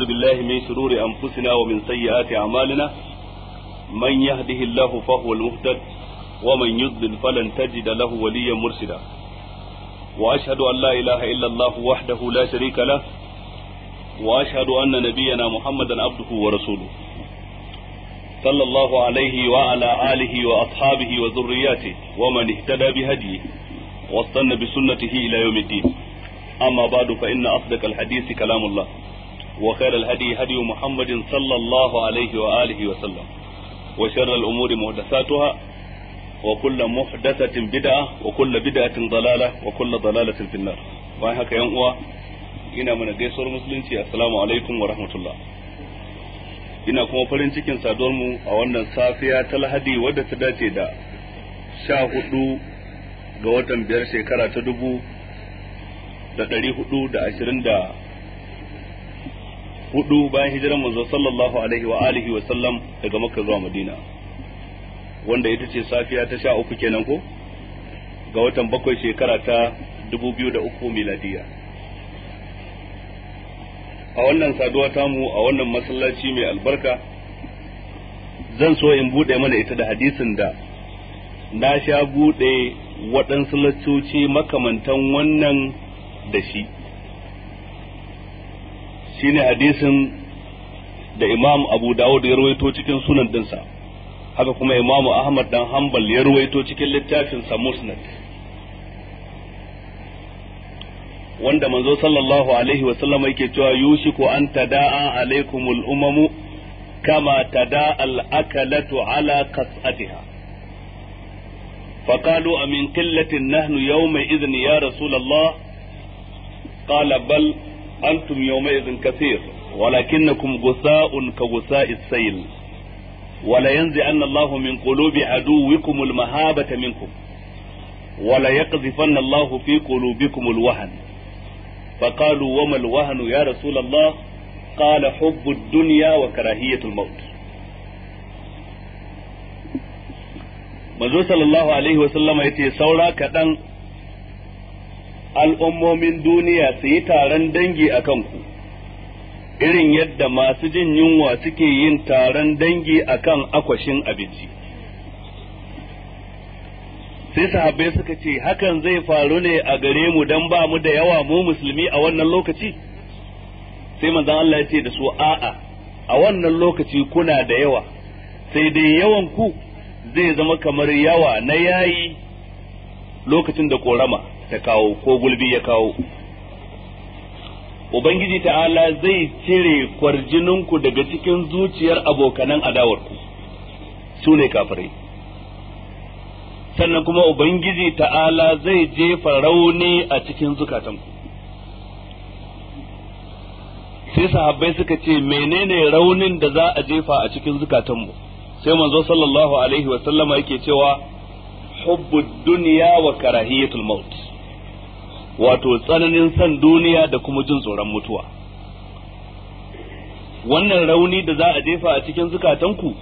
أعوذ بالله من شرور أنفسنا ومن سيئات أعمالنا من يهده الله فهو المهتد ومن يضلل فلن تجد له وليا مرشدا وأشهد أن لا إله إلا الله وحده لا شريك له وأشهد أن نبينا محمدا عبده ورسوله صلى الله عليه وعلى آله وأصحابه وذرياته ومن اهتدى بهديه واستنى بسنته إلى يوم الدين أما بعد فإن أصدق الحديث كلام الله وخير الهدي هدي محمد صلى الله عليه وآله وسلم وشر الأمور محدثاتها وكل محدثة بدعة وكل بدعة ضلالة وكل ضلالة في النار وهكا ينقوى ina mana gaisuwar musulunci assalamu alaikum wa rahmatullah ina kuma farin cikin saduwar mu a wannan safiya ta lahadi wadda ta dace da sha hudu ga watan biyar shekara ta dubu da dari hudu da ashirin da hudu bayan hijiran manzo sallallahu alaihi wa alihi wa sallam daga makka zuwa madina wanda ita ce safiya ta sha uku kenan ko ga watan bakwai shekara ta dubu biyu da uku miladiya a wannan saduwa tamu a wannan masallaci mai albarka zan so in bude mana ita da hadisin da na sha bude waɗansu lattoci makamantan wannan da shi shine hadisin da Imam Abu Dawud ya rawaito cikin sunan dinsa haka kuma Imam Ahmad dan Hanbal ya rawaito cikin littafin sa Musnad wanda manzo sallallahu alaihi wa sallam yake cewa yushiku an tadaa alaikumul umamu kama tadaa al akalatu ala qas'atiha فقالوا أمن قلة نحن يومئذ يا رسول الله قال بل antum yawma idhin kathir walakinnakum gusa'un ka gusa'is sayl wala yanzi anna Allahu min qulubi aduwwikum almahabata minkum wala fi فقالوا وما الوهن يا رسول الله قال حب الدنيا وكراهية الموت manzo sallallahu alaihi wasallam ya ce saura kaɗan al'ummomin duniya su yi taron dangi a kanku irin yadda masu jin yunwa suke yin taron dangi a kan akwashin abinci sai sahabbai suka ce hakan zai faru ne a gare mu don ba mu da yawa mu musulmi a wannan lokaci sai mazan Allah ya ce da su a'a a wannan lokaci kuna da yawa sai dai yawan ku zai zama kamar yawa na yayi lokacin da korama ta kawo ko gulbi ya kawo ubangiji ta'ala zai cire kwarjininku daga cikin zuciyar abokanan adawarku su ne kafirai sannan kuma ubangiji ta'ala zai jefa rauni a cikin zukatanku sai sahabbai suka ce menene raunin da za a jefa a cikin zukatanmu sai manzo sallallahu alaihi wasallama yake cewa hubbud dunya wa karahiyatul maut wato tsananin san duniya da kuma jin tsoron mutuwa wannan rauni da za a jefa a cikin zukatanku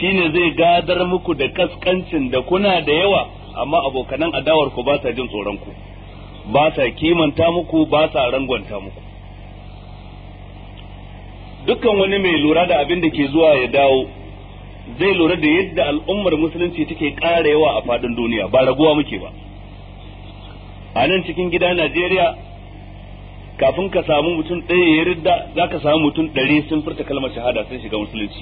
shine zai gadar muku da kaskancin da kuna da yawa amma abokanan adawar ku ba sa jin tsoron ku ba sa kimanta muku ba sa rangwanta muku dukkan wani mai lura da abin da ke zuwa ya dawo zai lura da yadda al'ummar musulunci take ƙara yawa a faɗin duniya ba raguwa muke ba a nan cikin gida Najeriya kafin ka samu mutum ɗaya ya ridda za ka samu mutum ɗari sun furta kalmar shahada sun shiga musulunci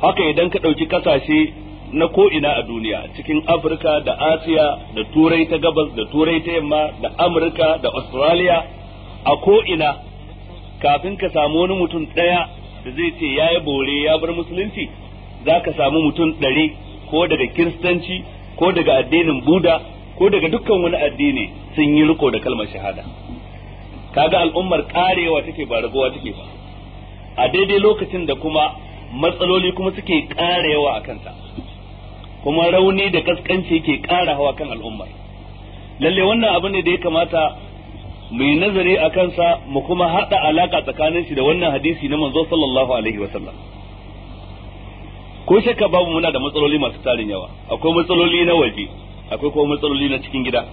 haka idan ka ɗauki ƙasashe na ko'ina a duniya cikin afirka da asiya da turai ta gabas da turai ta yamma da amurka da australia a ko'ina kafin ka samu wani mutum ɗaya da zai ce ya yi bore ya bar musulunci za ka samu mutum ɗari ko daga kiristanci ko daga addinin buda ko daga dukkan wani addini sun yi riko da kalmar shahada kaga al'ummar karewa take ba raguwa take ba a daidai lokacin da kuma matsaloli kuma suke karewa a kanta kuma rauni da kaskanci ke kara hawa kan al'ummar lalle wannan abu ne da ya kamata mu yi nazari a kansa mu kuma haɗa alaka tsakanin shi da wannan hadisi na manzo sallallahu alaihi wasallam ko shakka babu muna da matsaloli masu tarin yawa akwai matsaloli na waje akwai kuma matsaloli na cikin gida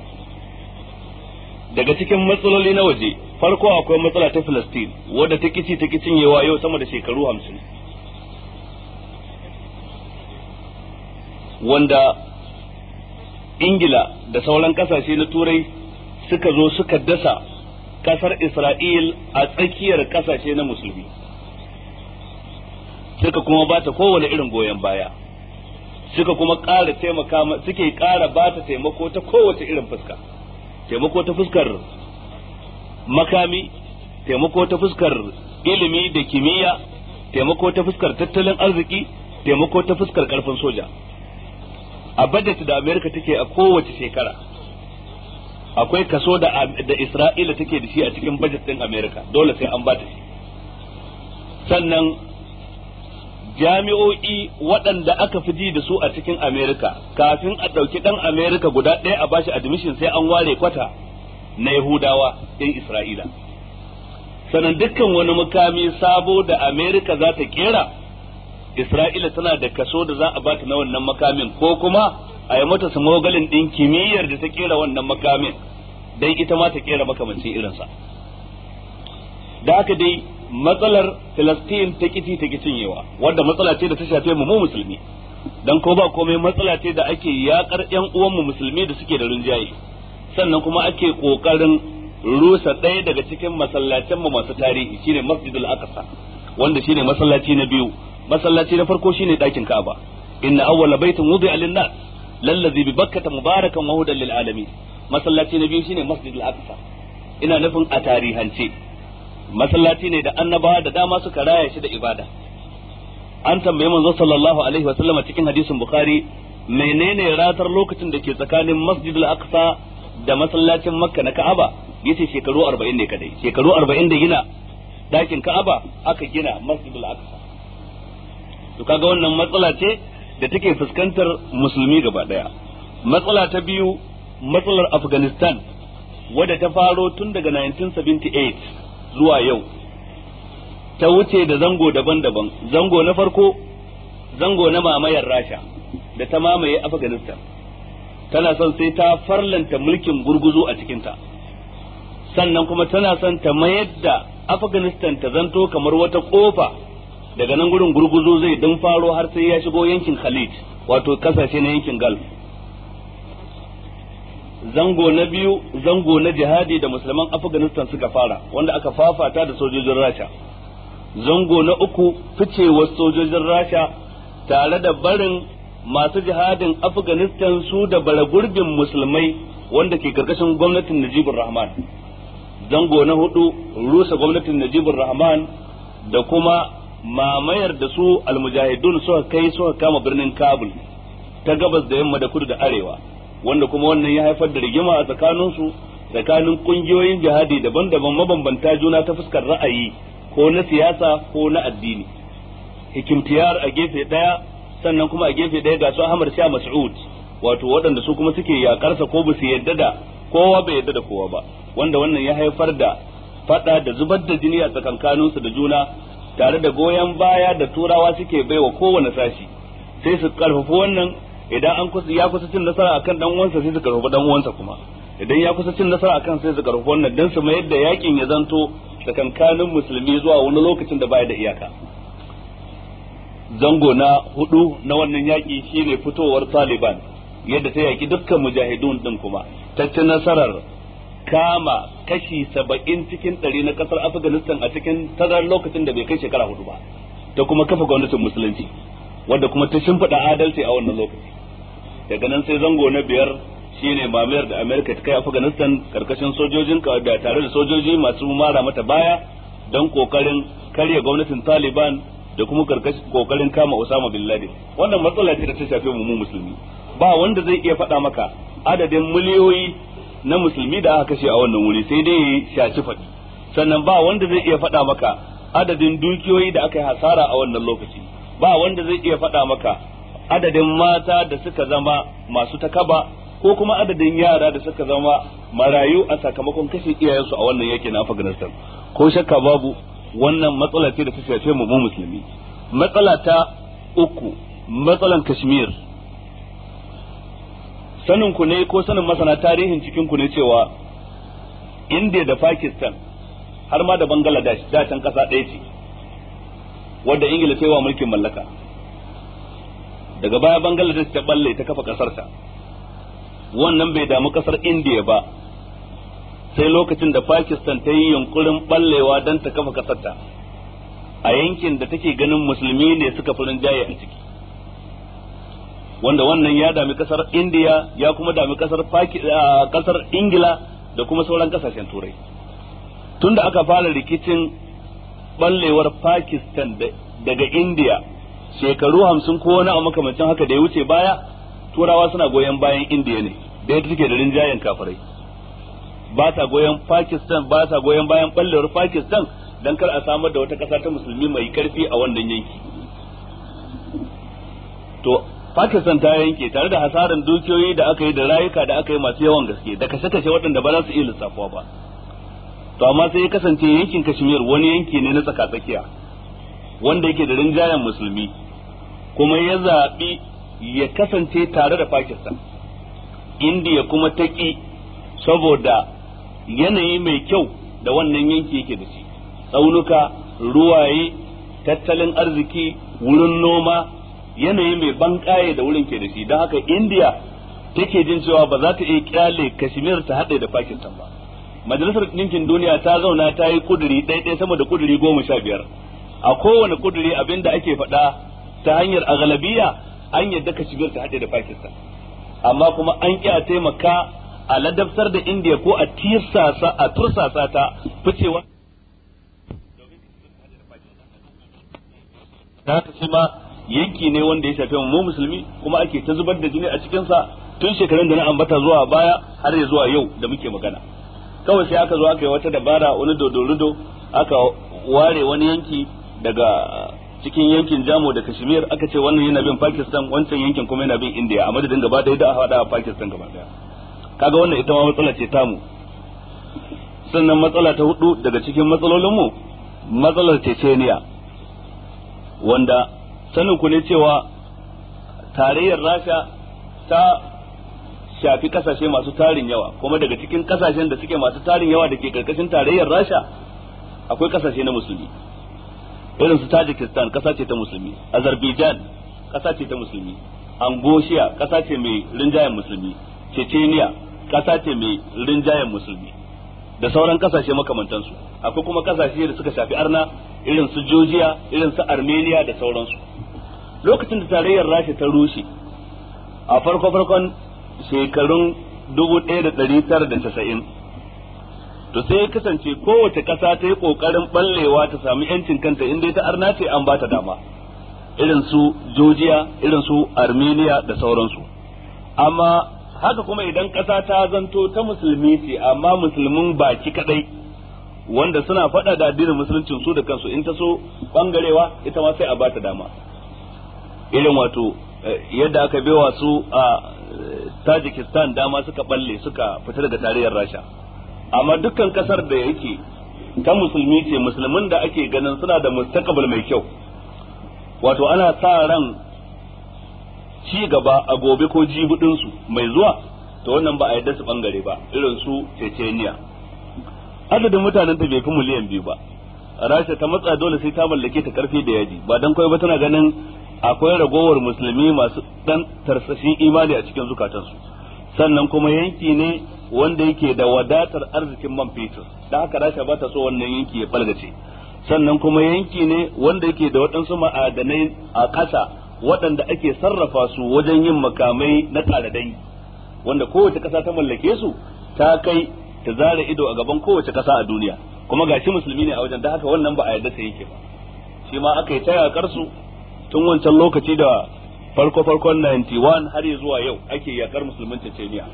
daga cikin matsaloli na waje farko akwai matsala ta Filistin wadda ta kici ta kicin yawa yau sama da shekaru hamsin wanda Ingila da sauran kasashe na turai suka zo suka dasa kasar Isra'il a tsakiyar kasashe na musulmi suka kuma ba ta kowane irin goyon baya suka kuma ƙara taimaka suke ƙara ba ta taimako ta kowace irin fuska taimako ta fuskar makami taimako ta fuskar ilimi da kimiyya taimako ta fuskar tattalin arziki taimako ta fuskar karfin soja a budget da amerika take a kowace shekara akwai kaso da da isra'ila take da shi a cikin bajet din amerika dole sai an ba ta shi sannan jami'o'i waɗanda aka fi ji da su a cikin Amerika kafin a ɗauki ɗan Amerika guda ɗaya a bashi admission sai an ware kwata na Yahudawa ɗin Isra'ila Sanan dukkan wani mukami sabo da Amerika za ta kera Isra'ila tana da kaso da za a bata na wannan makamin ko kuma a yi mata mogalin ɗin kimiyyar da ta kera wannan makamin don ita ma ta kera makamancin irinsa da haka dai matsalar Filistin ta kici ta yawa. Wadda matsala ce da ta shafe mu mu musulmi dan ko ba komai matsala ce da ake yakar ƴan uwan mu musulmi da suke da rinjaye sannan kuma ake kokarin rusa ɗaya daga cikin masallacin mu masu tarihi shine Masjidul Aqsa wanda shine masallaci na biyu masallaci na farko shine ɗakin Ka'aba inna awwala baitin wudi'a lin-nas lallazi bi bakkata mubarakan wa hudan lil alamin masallaci na biyu shine Masjidul Aqsa ina nufin a tarihance masallaci ne da annabawa da dama suka raya shi da ibada an tambaye manzo sallallahu alaihi wa sallama cikin hadisin bukhari menene ratar lokacin da ke tsakanin masjidul aqsa da masallacin makka na ka'aba yace shekaru 40 ne kadai shekaru 40 da gina dakin ka'aba aka gina masjidul aqsa to kaga wannan matsala ce da take fuskantar musulmi gaba daya matsala ta biyu matsalar afghanistan wadda ta faro tun daga 1978 zuwa yau ta wuce da zango daban-daban zango na farko zango na mamayar rasha da ta mamaye afghanistan tana son sai ta farlanta mulkin gurguzu a cikinta sannan kuma tana son ta mayar da afghanistan ta zanto kamar wata kofa daga nan gurin gurguzu zai dan faro har sai ya shigo yankin khalid wato kasashe na yankin Gal. zango na biyu zango na jihadi da musulman afganistan suka fara wanda aka fafata da sojojin rasha zango na uku ficewa sojojin rasha tare da barin masu jihadin afganistan su da bara musulmai wanda ke karkashin gwamnatin najibur rahman zango na hudu rusa gwamnatin najibur rahman da kuma mamayar da su almujahidun suka kai suka kama birnin kabul ta gabas da yamma da kudu da arewa wanda kuma wannan ya haifar da rigima a tsakaninsu tsakanin kungiyoyin jihadi daban-daban mabambanta juna ta fuskar ra'ayi ko na siyasa ko na addini hikimtiyar a gefe daya sannan kuma a gefe daya ga su Ahmad Shah Mas'ud wato waɗanda su kuma suke yakarsa ko ba su yadda da kowa bai yadda da kowa ba wanda wannan ya haifar da fada da zubar da jini a su da juna tare da goyon baya da turawa suke baiwa kowane sashi sai su karfafi wannan idan an kusa ya kusa cin nasara akan dan uwansa sai su karfafa dan uwansa kuma idan ya kusa cin nasara akan sai su karfafa wannan dan su mayar da yakin ya zanto tsakankanin musulmi zuwa wani lokacin da baya da iyaka zango na hudu na wannan yaki shine fitowar Taliban yadda ta yaki dukkan mujahidun din kuma ta ci nasarar kama kashi saba'in cikin ɗari na ƙasar afghanistan a cikin tazarar lokacin da bai kai shekara hudu ba ta kuma kafa gwamnatin musulunci wadda kuma ta shimfiɗa adalci a wannan lokaci daga nan sai zango na biyar shine mamayar da America ta kai Afghanistan karkashin sojojin da tare da sojoji masu mara mata baya don kokarin karya gwamnatin Taliban da kuma kokarin kama Osama bin Laden wannan matsala ce da ta shafe mu musulmi ba wanda zai iya faɗa maka adadin miliyoyi na musulmi da aka kashe a wannan wuri sai dai shaci faɗi sannan ba wanda zai iya faɗa maka adadin dukiyoyi da aka yi hasara a wannan lokaci ba wanda zai iya faɗa maka adadin mata da suka zama masu takaba ko kuma adadin yara da suka zama marayu a sakamakon kashe iyayensu a wannan yaki na Afghanistan ko shakka babu wannan matsala ce da ta shafe mu musulmi matsala ta uku matsalan Kashmir sanin ku ne ko sanin masana tarihin cikin ku ne cewa India da Pakistan har ma da Bangladesh da can kasa ɗaya ce wadda Ingila ta yi wa mulkin mallaka daga baya bangladesh ta balle ta kafa kasarta wannan bai damu kasar indiya ba sai lokacin da pakistan ta yi yunkurin ballewa don ta kafa kasarta a yankin da take ganin musulmi ne suka fi jaye a ciki wanda wannan ya dami kasar indiya ya kuma dami kasar kasar ingila da kuma sauran kasashen turai tunda aka fara rikicin ballewar pakistan daga indiya shekaru hamsin ko wani a makamancin haka da ya wuce baya turawa suna goyon bayan indiya ne da yadda suke da rinjayen kafirai ba ta goyon pakistan ba ta goyon bayan ballewar pakistan don kar a samar da wata ƙasa ta musulmi mai karfi a wannan yanki to pakistan ta yanke tare da hasarin dukiyoyi da aka yi da rayuka da aka yi masu yawan gaske da kashe-kashe waɗanda ba za su iya lissafuwa ba to amma sai ya kasance yankin kashmir wani yanki ne na tsaka-tsakiya wanda yake da rinjayen musulmi kuma ya zaɓi ya kasance tare da Pakistan Indiya kuma ta ƙi saboda yanayi mai kyau da wannan yanki yake da shi tsaunuka ruwaye tattalin arziki wurin noma yanayi mai banƙaye da wurin ke da shi don haka India take jin cewa ba za ta iya kyale kashmir ta haɗe da Pakistan ba majalisar ɗinkin duniya ta zauna ta yi kuduri ɗaya sama da kuduri goma sha biyar a kowane kuduri da ake faɗa ta hanyar agalabiya an yadda shigar ta haɗe da pakistan amma kuma an ƙi a taimaka a ladabtar da India ko a tirsasa a tursasa ta ficewa da haka shi ma yanki ne wanda ya shafi mu musulmi kuma ake ta zubar da jini a cikinsa tun shekarun da na ambata zuwa baya har ya zuwa yau da muke magana kawai sai aka zo aka yi wata dabara wani dodo aka ware wani yanki daga cikin yankin Jamo da Kashmir aka ce wannan yana bin Pakistan wancan yankin kuma yana bin India a madadin gaba da a hada Pakistan gaba daya kaga wannan ita ma matsala ce tamu sannan matsala ta hudu daga cikin matsalolinmu matsalar Chechenia wanda sanin ku ne cewa tarayyar Rasha ta shafi kasashe masu tarin yawa kuma daga cikin kasashen da suke masu tarin yawa da ke karkashin tarayyar rasha akwai kasashe na musulmi irin su tajikistan kasa ce ta musulmi azerbaijan kasa ce ta musulmi angoshiya kasa ce mai rinjayen musulmi chechenia kasa ce mai rinjayen musulmi da sauran kasashe makamantansu akwai kuma kasashe da suka shafi arna irin su georgia irin su armenia da sauransu lokacin da tarayyar rasha ta rushe a farko farkon shekarun 1990 to sai ya kasance kowace ƙasa ta yi ƙoƙarin ɓallewa ta sami yancin kanta in ta arna ce an ba ta dama irin su Georgia irin su Armenia da sauransu amma haka kuma idan ƙasa ta zanto ta musulmi ce amma musulmin baki kaɗai, wanda suna faɗa da addinin musuluncin su da kansu in ta so bangarewa ita ma sai a ba ta dama irin wato eh, yadda aka bewa su a eh, Tajikistan dama suka balle suka fita daga tarayyar Rasha amma dukkan kasar da yake ta musulmi ce musulmin da ake ganin suna da mustaqbal mai kyau wato ana sa ran ci gaba a gobe ko jibudin su mai zuwa to wannan ba a yadda su bangare ba irin su Chechenia adadin mutanen ta bai fi miliyan biyu ba Rasha ta matsa dole sai ta mallake ta karfi da yaji ba dan kawai ba tana ganin akwai ragowar musulmi masu dan tarsashin imani a cikin zukatansu sannan kuma yanki ne wanda yake da wadatar arzikin man fetur da haka rasha ba ta so wannan yanki ya balgace sannan kuma yanki ne wanda yake da waɗansu ma'adanai a ƙasa waɗanda ake sarrafa su wajen yin makamai na ƙaradai wanda kowace ƙasa ta mallake su ta kai ta zare ido a gaban kowace ƙasa a duniya kuma ga shi musulmi ne a wajen da haka wannan ba a yarda sai yake ba shi ma aka yi ta yakar su tun wancan lokaci da farko farkon 91 har zuwa yau ake yakar musulmin Chechnya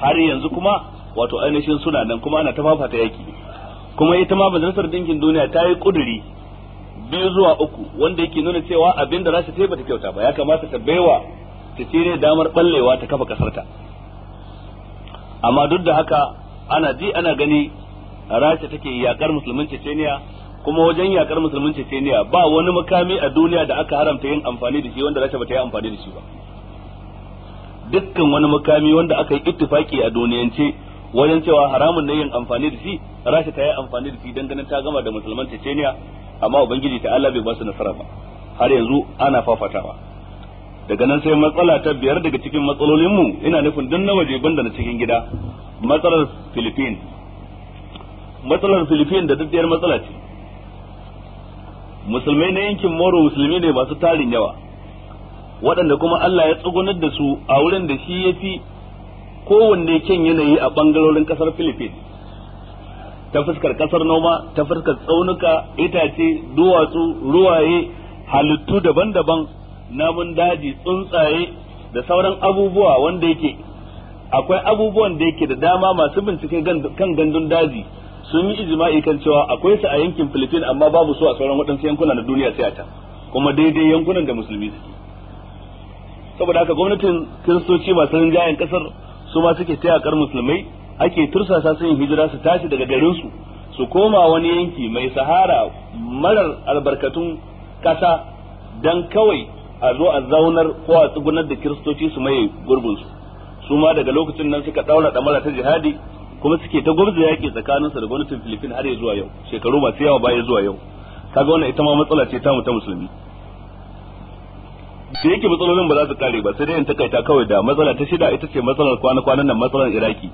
har yanzu kuma wato ainihin suna nan kuma ana ta fafata yaki kuma ita ma majalisar dinkin duniya ta yi kuduri biyu zuwa uku wanda yake nuna cewa abin da rasha ta yi bata kyauta ba ya kamata ta baiwa ta cire damar ballewa ta kafa kasarta amma duk da haka ana ji ana gani rasha take yakar musulmin ceceniya kuma wajen yakar musulmin ceceniya ba wani makami a duniya da aka haramta yin amfani da shi wanda rasha bata yi amfani da shi ba dukkan wani mukami wanda aka yi ittifaki a duniyance wajen cewa haramun ne yin amfani da shi rasha ta yi amfani da shi dan ganin ta gama da musulman Chechnya amma ubangiji ta Allah bai ba su nasara ba har yanzu ana fafatawa daga nan sai matsala ta biyar daga cikin matsalolin mu ina nufin duk na waje banda na cikin gida matsalar Philippines matsalar Philippines da daddiyar matsala ce musulmai na yankin Moro musulmi ne masu tarin yawa waɗanda kuma Allah ya tsugunar da su a wurin da shi ya fi kowanne kyan yanayi a ɓangarorin ƙasar Philippines ta fuskar ƙasar noma ta fuskar tsaunuka itace duwatsu ruwaye halittu daban-daban namun daji tsuntsaye da sauran abubuwa wanda yake akwai abubuwan da yake da dama masu bincike kan gandun daji sun yi ijma'i kan cewa akwai su a yankin Philippines amma babu su a sauran waɗansu yankuna na duniya sai a ta kuma daidai yankunan da musulmi suke saboda haka gwamnatin kiristoci masu rinjayen kasar su ma suke tayakar musulmai ake tursasa sun hijira su tashi daga garin su su koma wani yanki mai sahara marar albarkatun kasa dan kawai a zo a zaunar ko a tsugunar da kiristoci su mai gurbinsu su ma daga lokacin nan suka daura mara ta jihadi kuma suke ta gwamnati tsakanin tsakaninsu da gwamnatin filifin har ya zuwa yau shekaru masu yawa baya zuwa yau kaga wannan ita ma matsala ce ta mu ta musulmi sai yake matsalolin ba za su kare ba sai dai in takaita kawai da matsala ta shida ita ce matsalar kwana-kwanan nan matsalar iraki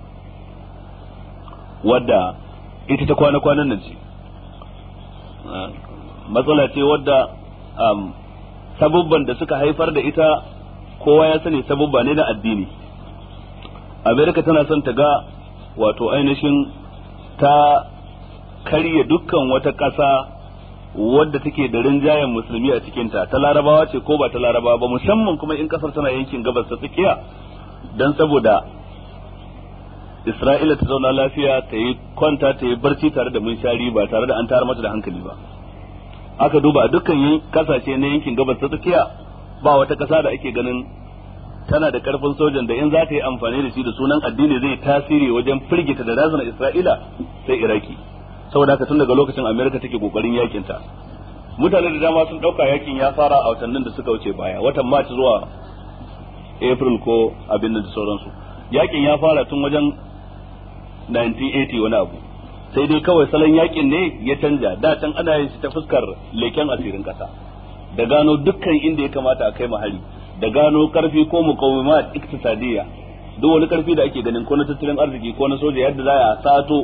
wadda ita ta kwana-kwanan nan ce matsala ce wadda um, sabubban da suka haifar da ita kowa ya sani sabubba ne na addini amerika tana son ta ga wato ainihin ta karya dukkan wata ƙasa wadda take da rinjayen musulmi a cikinta ta larabawa ce ko ba ta larabawa ba musamman kuma in kasar tana yankin gabas ta tsakiya don saboda isra'ila ta zauna lafiya ta yi kwanta ta yi barci tare da munshari ba tare da an tara mata da hankali ba aka duba a dukkan yin kasashe na yankin gabas ta tsakiya ba wata kasa da ake ganin tana da karfin sojan da in za ta yi amfani da shi da sunan addini zai tasiri wajen firgita da razana isra'ila sai iraki saboda haka tun daga lokacin america take kokarin yakin ta mutane da dama sun dauka yakin ya fara a watannin da suka wuce baya watan march zuwa april ko abin da sauransu yakin ya fara tun wajen 1980 wani abu sai dai kawai salon yakin ne ya canja da can ana yin shi ta fuskar leken asirin kasa da gano dukkan inda ya kamata a kai mahari da gano karfi ko muqawimat iktisadiyya duk wani karfi da ake ganin ko na tattalin arziki ko na soja yadda za a sato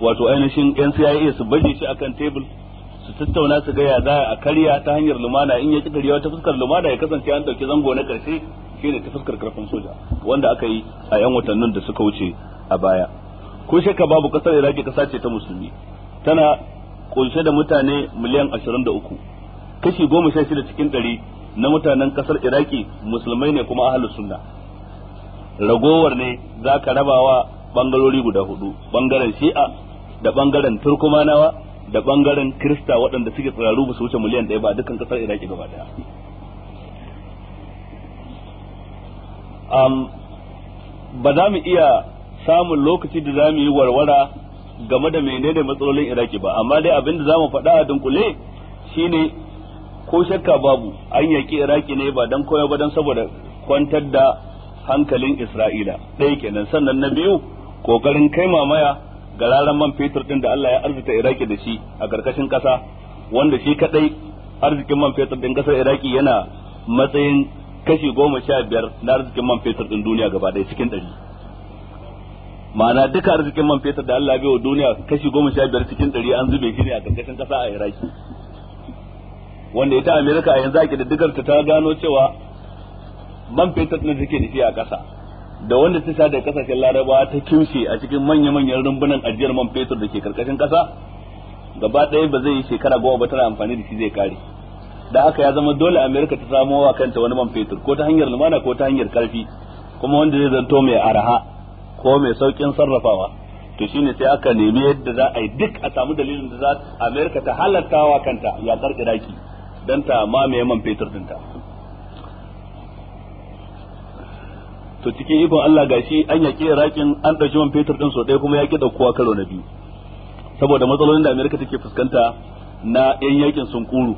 wato ainihin yan CIA su baje shi akan tebul su tattauna su ga ya za a karya ta hanyar lumana in ya ci karyawa fuskar lumana ya kasance an dauki zango na karshe ne ta fuskar karfin soja wanda aka yi a yan watannin da suka wuce a baya ko shakka babu kasar Iraki kasa ce ta musulmi tana kunshe da mutane miliyan ashirin da uku kashi goma sha shida cikin ɗari na mutanen kasar Iraki musulmai ne kuma ahlus sunna ragowar ne za zaka rabawa bangarori guda hudu bangaren shi'a da bangaren turkumanawa da bangaren krista waɗanda suke tsiraru ba su wuce miliyan ɗaya ba dukkan ƙasar iraki gaba ɗaya ba za mu iya samun lokaci da za mu yi warwara game da menene matsalolin iraki ba amma dai abin da za mu faɗa a dunkule shine ko shakka babu an yaƙi iraki ne ba don koya ba don saboda kwantar da hankalin isra'ila ɗaya kenan sannan na biyu ƙoƙarin kai mamaya gararan man fetur din da Allah ya arzuta Iraki da shi a karkashin kasa wanda shi kadai arzikin man fetur din kasar Iraki yana matsayin kashi goma sha biyar na arzikin man fetur din duniya gaba ɗaya cikin ɗari ma'ana duka arzikin man fetur da Allah bai wa duniya kashi goma sha biyar cikin ɗari an zube shi ne a karkashin kasa a Iraki wanda ita Amerika a yanzu ake da dukkan ta gano cewa man fetur din da da shi a kasa da wanda ta sha kasashen laraba ta kimshe a cikin manya-manyan rumbunan ajiyar man fetur da ke karkashin kasa gaba ɗaya ba zai yi shekara goma ba tana amfani da shi zai kare da haka ya zama dole amerika ta samo wa kanta wani man fetur ko ta hanyar lumana ko ta hanyar karfi kuma wanda zai zanto mai araha ko mai saukin sarrafawa to shine sai aka nemi yadda za a yi duk a samu dalilin da za amerika ta halatta wa kanta yakar raki don ta mamaye man fetur dinta to cikin ikon Allah gashi an yaƙi Irakin an ɗauki man fetur ɗin so ɗaya kuma ya ƙi ɗaukowa karo na biyu saboda matsalolin da Amerika take fuskanta na yan yakin sunkuru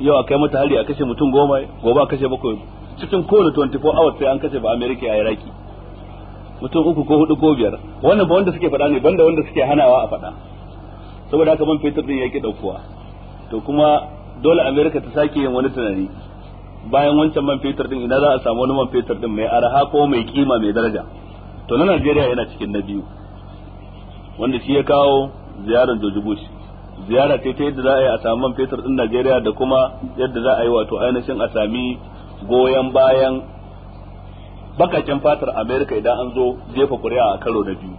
yau a kai mata hari a kashe mutum goma gobe a kashe bakwai cikin kowane 24 hours sai an kashe ba Amerika ya Iraki mutum uku ko hudu ko biyar wannan ba wanda suke faɗa ne banda wanda suke hanawa a faɗa saboda haka man fetur ɗin ya ƙi ɗaukowa to kuma dole Amerika ta sake yin wani tunani bayan wancan man fetur din ina za a samu wani man fetur din mai araha ko mai kima mai daraja to na Najeriya yana cikin na biyu wanda shi ya kawo ziyarar George ziyara ce ta yadda za a yi a samu man fetur din Najeriya da kuma yadda za a yi wato ainihin a sami goyon bayan bakaken fatar America idan an zo jefa kuri'a a karo na biyu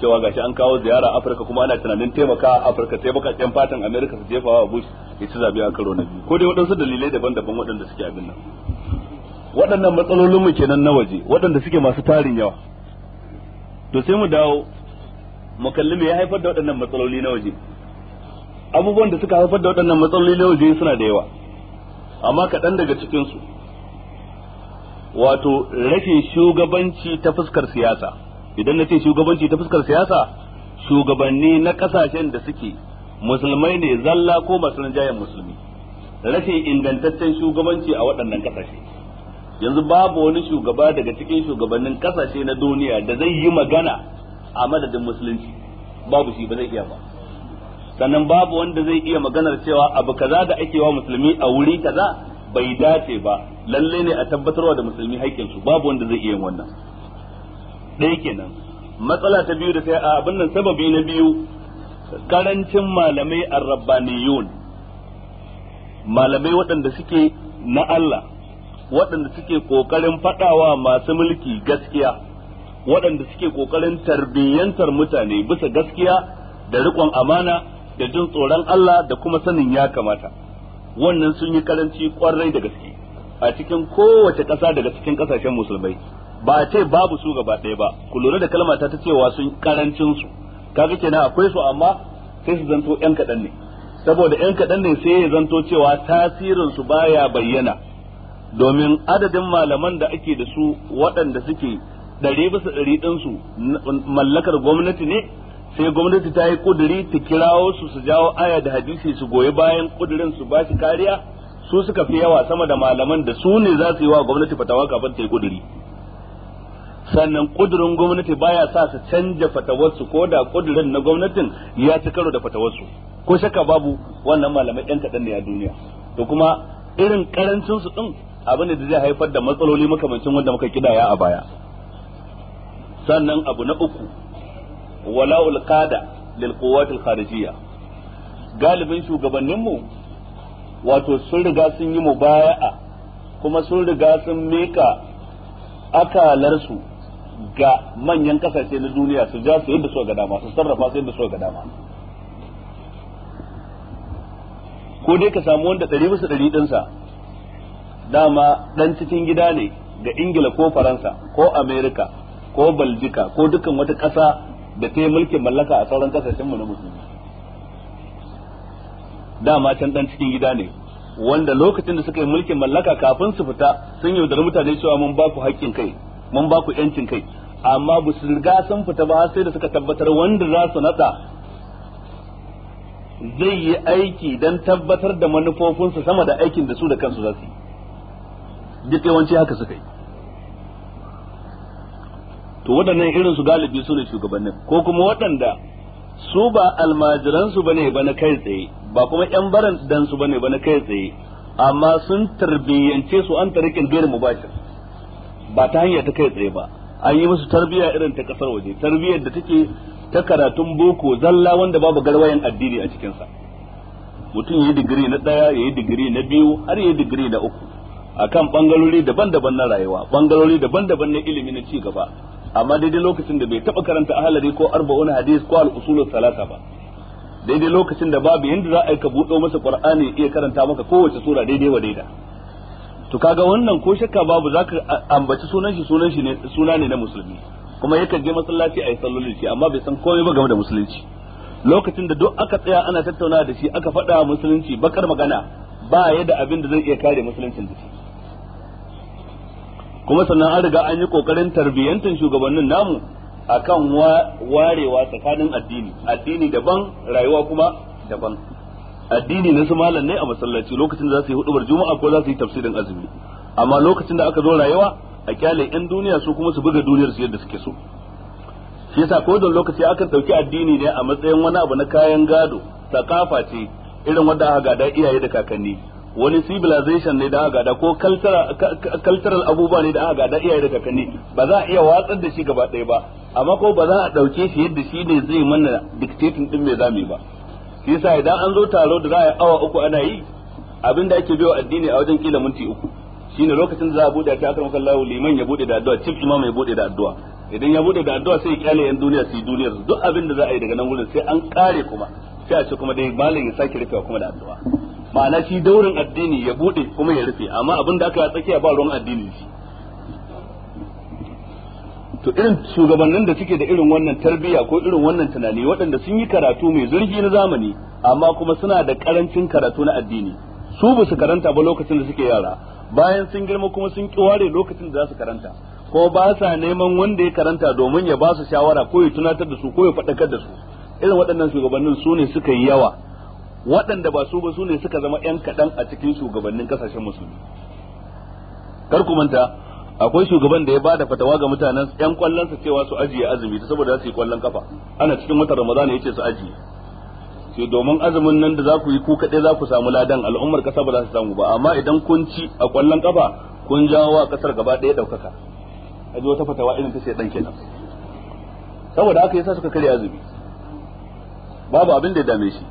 cewa gashi an kawo ziyara Afirka kuma ana tunanin taimaka Afirka sai bakakken fatan Amerika su jefa wa Bush ya ci zabe a karo na biyu ko dai waɗansu dalilai daban-daban waɗanda suke abin nan waɗannan matsalolin mu kenan na waje waɗanda suke masu tarin yawa to sai mu dawo mu kalli me ya haifar da waɗannan matsaloli na waje abubuwan da suka haifar da waɗannan matsaloli na waje suna da yawa amma kaɗan daga cikinsu wato rashin shugabanci ta fuskar siyasa idan na ce shugabanci ta fuskar siyasa shugabanni na kasashen da suke musulmai ne zalla ko masu rinjayen musulmi rashin ingantaccen shugabanci a waɗannan kasashe yanzu babu wani shugaba daga cikin shugabannin kasashe na duniya da zai yi magana a madadin musulunci babu shi ba zai iya ba sannan babu wanda zai iya maganar cewa abu kaza da ake wa musulmi a wuri kaza bai dace ba lalle ne a tabbatarwa da musulmi haƙƙinsu babu wanda zai iya wannan ɗaya kenan matsala ta biyu da sai a abin nan sababi na biyu karancin malamai rabbaniyun malamai waɗanda suke na Allah waɗanda suke ƙoƙarin faɗawa masu mulki gaskiya waɗanda suke ƙoƙarin tarbiyyantar mutane bisa gaskiya da rikon amana da jin tsoron Allah da kuma sanin ya kamata wannan sun yi karanci ƙwarai da gaske a cikin kowace ƙasa daga cikin ƙasashen musulmai ba a ce babu su gaba ɗaya ba ku lura da kalma ta cewa sun karancin su kaga kenan akwai su amma sai su zanto yan kaɗan ne saboda yan kaɗan ne sai ya zanto cewa tasirin su baya bayyana domin adadin malaman da ake da su waɗanda suke ɗari bisa ɗari su mallakar gwamnati ne sai gwamnati ta yi kuduri ta kirawo su su jawo aya da hadisi su goyi bayan kudurin su ba shi kariya su suka fi yawa sama da malaman da su ne za su yi wa gwamnati fatawa kafin ta yi kuduri sannan kudurin gwamnati baya sa su canja fatawarsu ko da kudurin na gwamnatin ya ci karo da fatawarsu ko shakka babu wannan malamai yan kaɗan ne a duniya to kuma irin karancin su din abin da zai haifar da matsaloli makamancin wanda muka kidaya a baya sannan abu na uku wala'ul qada lil quwwatil kharijiyya galibin shugabanninmu wato sun riga sun yi mubaya'a kuma sun riga sun mika akalarsu ga manyan kasashe na duniya su ja su yadda su ga dama su sarrafa su yadda su ga dama ko dai ka samu wanda ɗari bisa ɗari ɗinsa dama ɗan cikin gida ne ga ingila ko faransa ko amerika ko baljika ko dukkan wata ƙasa da ta yi mulkin mallaka a sauran mu na musulmi dama can ɗan cikin gida ne wanda lokacin da suka yi mulkin mallaka kafin su fita sun yaudari mutane cewa mun ba ku haƙƙin kai mun ba ku yancin kai amma ba su riga sun fita ba sai da suka tabbatar wanda za su nada zai yi aiki don tabbatar da manufofinsu sama da aikin da su da kansu za su yi duk yawanci haka suka yi to waɗannan irin su galibi su ne shugabannin ko kuma waɗanda su ba almajiransu ba ne ba na kai tsaye ba kuma ‘yan baran dansu ba ne ba na kai tsaye amma sun tarbiyyance su an tarikin biyar mubashir ba ta hanya ta kai tsaye ba an yi musu tarbiyya irin ta kasar waje tarbiyyar da take ta karatun boko zalla wanda babu garwayan addini a cikin sa mutum yayi digiri na daya yayi digiri na biyu har yayi digiri na uku akan bangarori daban-daban na rayuwa bangarori daban-daban na ilimi na ci gaba amma daidai lokacin da bai taba karanta ahlari ko arba'un hadis ko al-usul salasa ba daidai lokacin da babu yanda za a yi ka buɗo masa qur'ani iya karanta maka kowace sura daidai wa daidai. to kaga wannan ko shakka babu zaka ambaci sunan shi sunan shi ne suna ne na musulmi kuma yakan je masallaci ayi yi sallolin shi amma bai san komai ba game da musulunci lokacin da duk aka tsaya ana tattauna da shi aka faɗa musulunci bakar magana ba ya da abin da zai iya kare musuluncin da shi kuma sannan an riga an yi kokarin tarbiyyantar shugabannin namu akan warewa tsakanin addini addini daban rayuwa kuma daban addini na su malam ne a masallaci lokacin da za su yi hudubar juma'a ko za su yi tafsirin azumi amma lokacin da aka zo rayuwa a kyale yan duniya su kuma su buga duniyar su yadda suke so shi yasa ko da lokaci aka dauki addini ne a matsayin wani abu na kayan gado takafa ce irin wanda aka gada iyaye da kakanni wani civilization ne da aka gada ko cultural abubuwa ne da aka gada iyaye da kakanni ba za a iya watsar da shi gaba ɗaya ba amma ko ba za a dauke shi yadda shi ne zai mana dictating din mai zame ba shi yasa idan an zo taro da za a yi awa uku ana yi abin da ake biyo addini a wajen kila minti uku shine lokacin da za a bude ta akan kallahu liman ya bude da addu'a chief imam ya bude da addu'a idan ya bude da addu'a sai ya kyale yan duniya su yi duniyar duk abin da za a yi daga nan gurin sai an kare kuma sai a ce kuma dai malam ya sake rufewa kuma da addu'a ma'ana shi daurin addini ya bude kuma ya rufe amma abin da aka yi a tsakiya ba ruwan addini shi to irin shugabannin da suke da irin wannan tarbiyya ko irin wannan tunani waɗanda sun yi karatu mai zurfi na zamani amma kuma suna da karancin karatu na addini su ba su karanta ba lokacin da suke yara bayan sun girma kuma sun ki ware lokacin da za su karanta ko ba sa neman wanda ya karanta domin ya ba su shawara ko ya tunatar da su ko ya faɗakar da su irin waɗannan shugabannin su ne suka yi yawa waɗanda ba su ba su ne suka zama 'yan kaɗan a cikin shugabannin ƙasashen musulmi kar ku manta akwai shugaban da ya bada fatawa ga mutanen yan kwallon sa cewa su ajiye azumi ta saboda su yi kwallon kafa ana cikin watan ramadana yace su ajiye sai domin azumin nan da za ku yi ku kaɗai za ku samu ladan al'ummar kasa ba za su samu ba amma idan kun ci a kwallon kafa kun jawo wa ƙasar gaba ɗaya ɗaukaka a ji wata fatawa irin ta sai ɗan kenan saboda haka yasa suka karya azumi babu abin da ya dame shi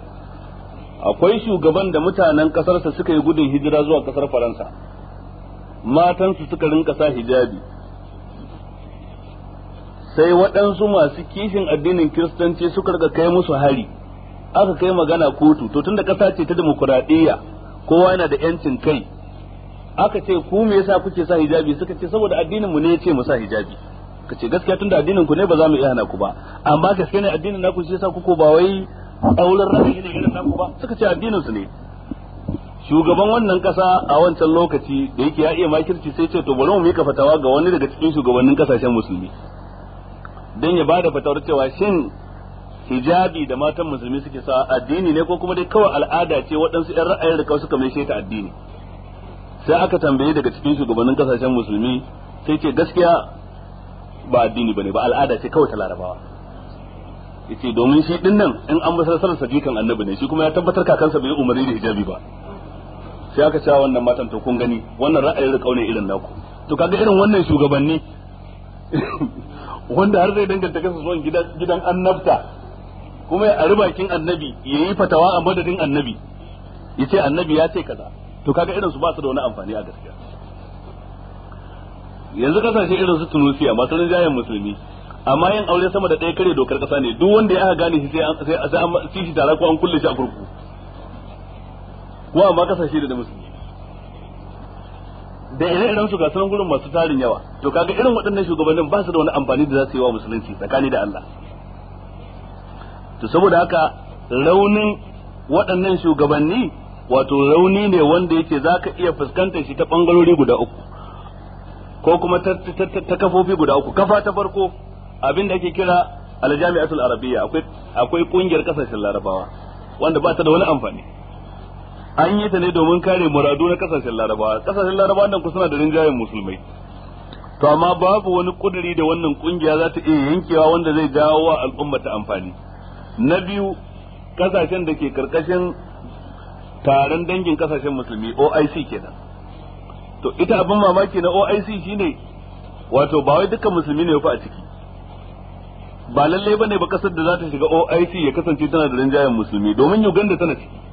akwai shugaban da mutanen ƙasarsa suka yi gudun hijira zuwa ƙasar faransa matansu suka rinka sa hijabi sai waɗansu masu kishin addinin kiristanci suka rika kai musu hari aka kai magana kotu to tunda ƙasa ce ta demokuraɗiyya kowa yana da yancin kai aka ce ku me yasa kuke sa hijabi suka ce saboda addinin mu ne ya ce mu sa hijabi ka ce gaskiya tunda addinin ku ne ba za mu iya hana ku ba amma gaskiya ne addinin naku shi yasa kuko ba wai auren ra'ayi ne irin naku ba suka ce addinin su ne shugaban wannan kasa a wancan lokaci da yake ya iya makirci sai ce to bari mu mika fatawa ga wani daga cikin shugabannin kasashen musulmi dan ya bada fatawar cewa shin hijabi da matan musulmi suke sa addini ne ko kuma dai kawai al'ada ce waɗansu ɗan ra'ayin da suka mai ta addini sai aka tambaye daga cikin shugabannin kasashen musulmi sai ce gaskiya ba addini bane ba al'ada ce kawai ta larabawa yace domin shi dinnan in an masa sallar sadikan annabi ne shi kuma ya tabbatar kakansa bai umarni da hijabi ba sai aka cewa wannan matan to kun gani wannan ra'ayin da kaune irin naku to kaga irin wannan shugabanni wanda har zai danganta kansa zuwa gidan gidan annabta kuma ya ari bakin annabi yayi fatawa a madadin annabi yace annabi ya ce kaza to kaga irin su ba su da wani amfani a gaskiya yanzu kasashe irin su tunusiya masu rinjayen musulmi amma yin aure sama da ɗaya kare dokar kasa ne duk wanda ya aka gane shi sai an sai an shi ko an kulle shi a kurkuku kuma amma kasashe da musulmi da ire iren su gasar gurin masu tarin yawa to kaga irin waɗannan shugabannin ba su da wani amfani da za su yi wa musulunci tsakani da Allah to saboda haka raunin waɗannan shugabanni wato rauni ne wanda yake za ka iya fuskantar shi ta ɓangarori guda uku ko kuma ta kafofi guda uku kafa ta farko abin da ake kira aljami'atul arabiyya akwai akwai kungiyar kasashen larabawa wanda ba ta da wani amfani an yi ta ne domin kare muradu na kasashen larabawa kasashen laraba nan kusa da rinjayen musulmai to amma babu wani kuduri da wannan kungiya za ta iya yankewa wanda zai jawo wa al'umma ta amfani na biyu kasashen da ke karkashin taron dangin kasashen musulmi OIC kenan to ita abin mamaki na OIC shine wato ba wai dukkan musulmi ne fa a ciki ba lallai bane ba kasar da za ta shiga OIC ya kasance tana da rinjayen musulmi domin Uganda tana ciki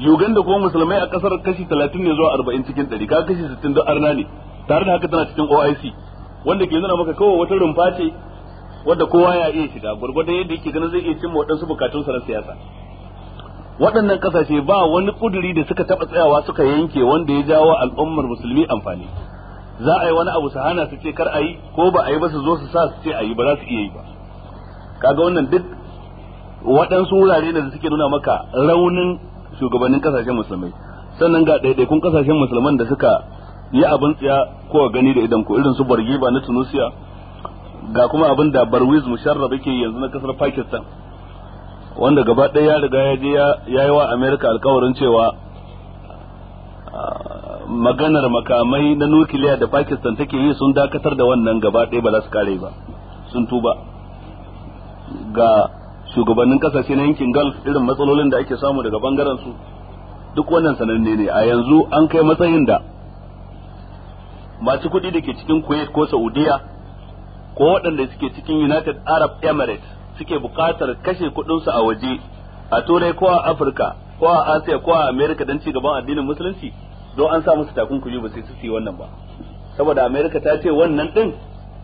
Uganda kuma musulmai a kasar kashi 30 ne zuwa 40 cikin 100 ka kashi 60 da arna ne tare da haka tana cikin OIC wanda ke nuna maka kawai wata rumfa ce wadda kowa ya iya shiga gurgurda yadda yake ganin zai iya cimma waɗansu bukatun sa na siyasa waɗannan kasashe ba wani kuduri da suka taɓa tsayawa suka yanke wanda ya jawo al'ummar musulmi amfani za a yi wani abu su hana su ce kar a yi ko ba a yi ba su zo su sa su ce a yi ba za su iya yi ba kaga wannan duk waɗansu wurare ne da suke nuna maka raunin shugabannin kasashen musulmai sannan ga ɗaiɗaikun kasashen musulman da suka yi abin tsaya ko gani da idan ko irin su ba na tunisia ga kuma abin da barwiz musharraf yake yanzu na kasar pakistan wanda gaba ɗaya ya riga ya je ya yi wa america alkawarin cewa maganar makamai na nukiliya da pakistan take yi sun dakatar da wannan gaba ɗaya ba za su kare ba sun tuba ga shugabannin kasashe na yankin Gulf irin matsalolin da ake samu daga bangaren su duk wannan sananne ne a yanzu an kai matsayin da masu kuɗi da ke cikin Kuwait ko Saudiya ko waɗanda suke cikin United Arab Emirates suke buƙatar kashe kuɗinsu a waje a Turai ko a Afirka ko a Asiya ko a Amerika don ci gaban addinin musulunci don an sa musu takunkumi ba sai su yi wannan ba saboda Amerika ta ce wannan din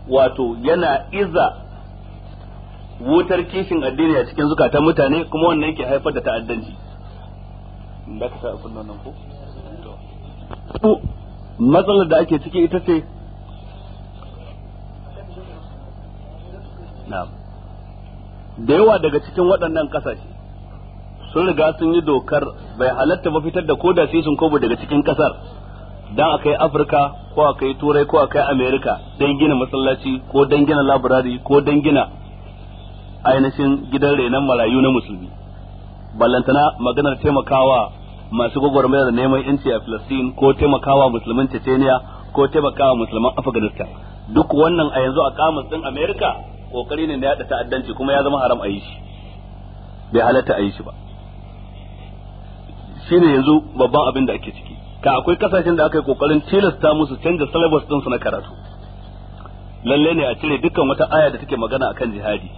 wato yana iza wutar kishin addini a cikin zukata mutane kuma wannan yake haifar da ta'addanci da ka sa nan ko matsalar da ake ciki ita ce da yawa daga cikin waɗannan ƙasashe sun riga sun yi dokar bai halatta ba fitar da koda sai sun kobo daga cikin ƙasar dan a afirka ko a turai ko akai amerika don gina masallaci ko don gina labirari ko don gina ainihin gidan renon marayu na musulmi ballantana maganar taimakawa masu da neman yanci a Filistin ko taimakawa musulmin Chechnya ko taimakawa musulman Afghanistan duk wannan a yanzu a kamus din America kokari ne na yada ta'addanci kuma ya zama haram a yi shi bai halatta a yi shi ba shine yanzu babban abin da ake ciki ka akwai kasashen da aka yi kokarin tilasta musu canza syllabus din su na karatu lalle ne a cire dukkan wata aya da take magana akan jihadi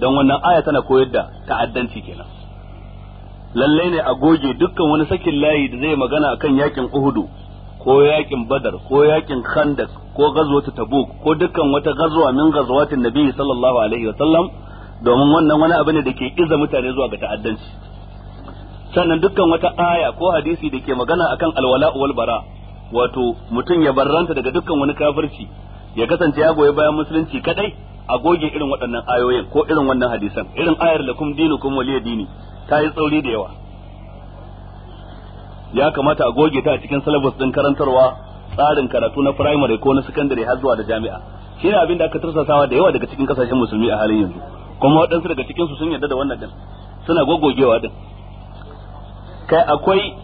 don wannan aya tana koyar da ta'addanci kenan lalle ne a goge dukkan wani sakin layi da zai magana akan yakin Uhudu ko yakin Badar ko yakin Khandaq ko gazwatu Tabuk ko dukkan wata gazwa min gazwatin Nabi sallallahu alaihi wa sallam domin wannan wani abu ne da ke iza mutane zuwa ga ta'addanci sannan dukkan wata aya ko hadisi da ke magana akan alwala wal bara wato mutum ya barranta daga dukkan wani kafirci ya kasance ya goyi bayan musulunci kadai a goge irin waɗannan ayoyin ko irin wannan hadisan irin ayar dini kuma waliyar dini ta yi tsauri da yawa ya kamata a goge ta a cikin salabus din karantarwa tsarin karatu na firamare ko na sakandare har zuwa da jami'a ne abin da aka tursasawa da yawa daga cikin kasashen musulmi a halin yanzu kuma waɗansu daga cikinsu sun yarda da wannan din suna gogogewa din kai akwai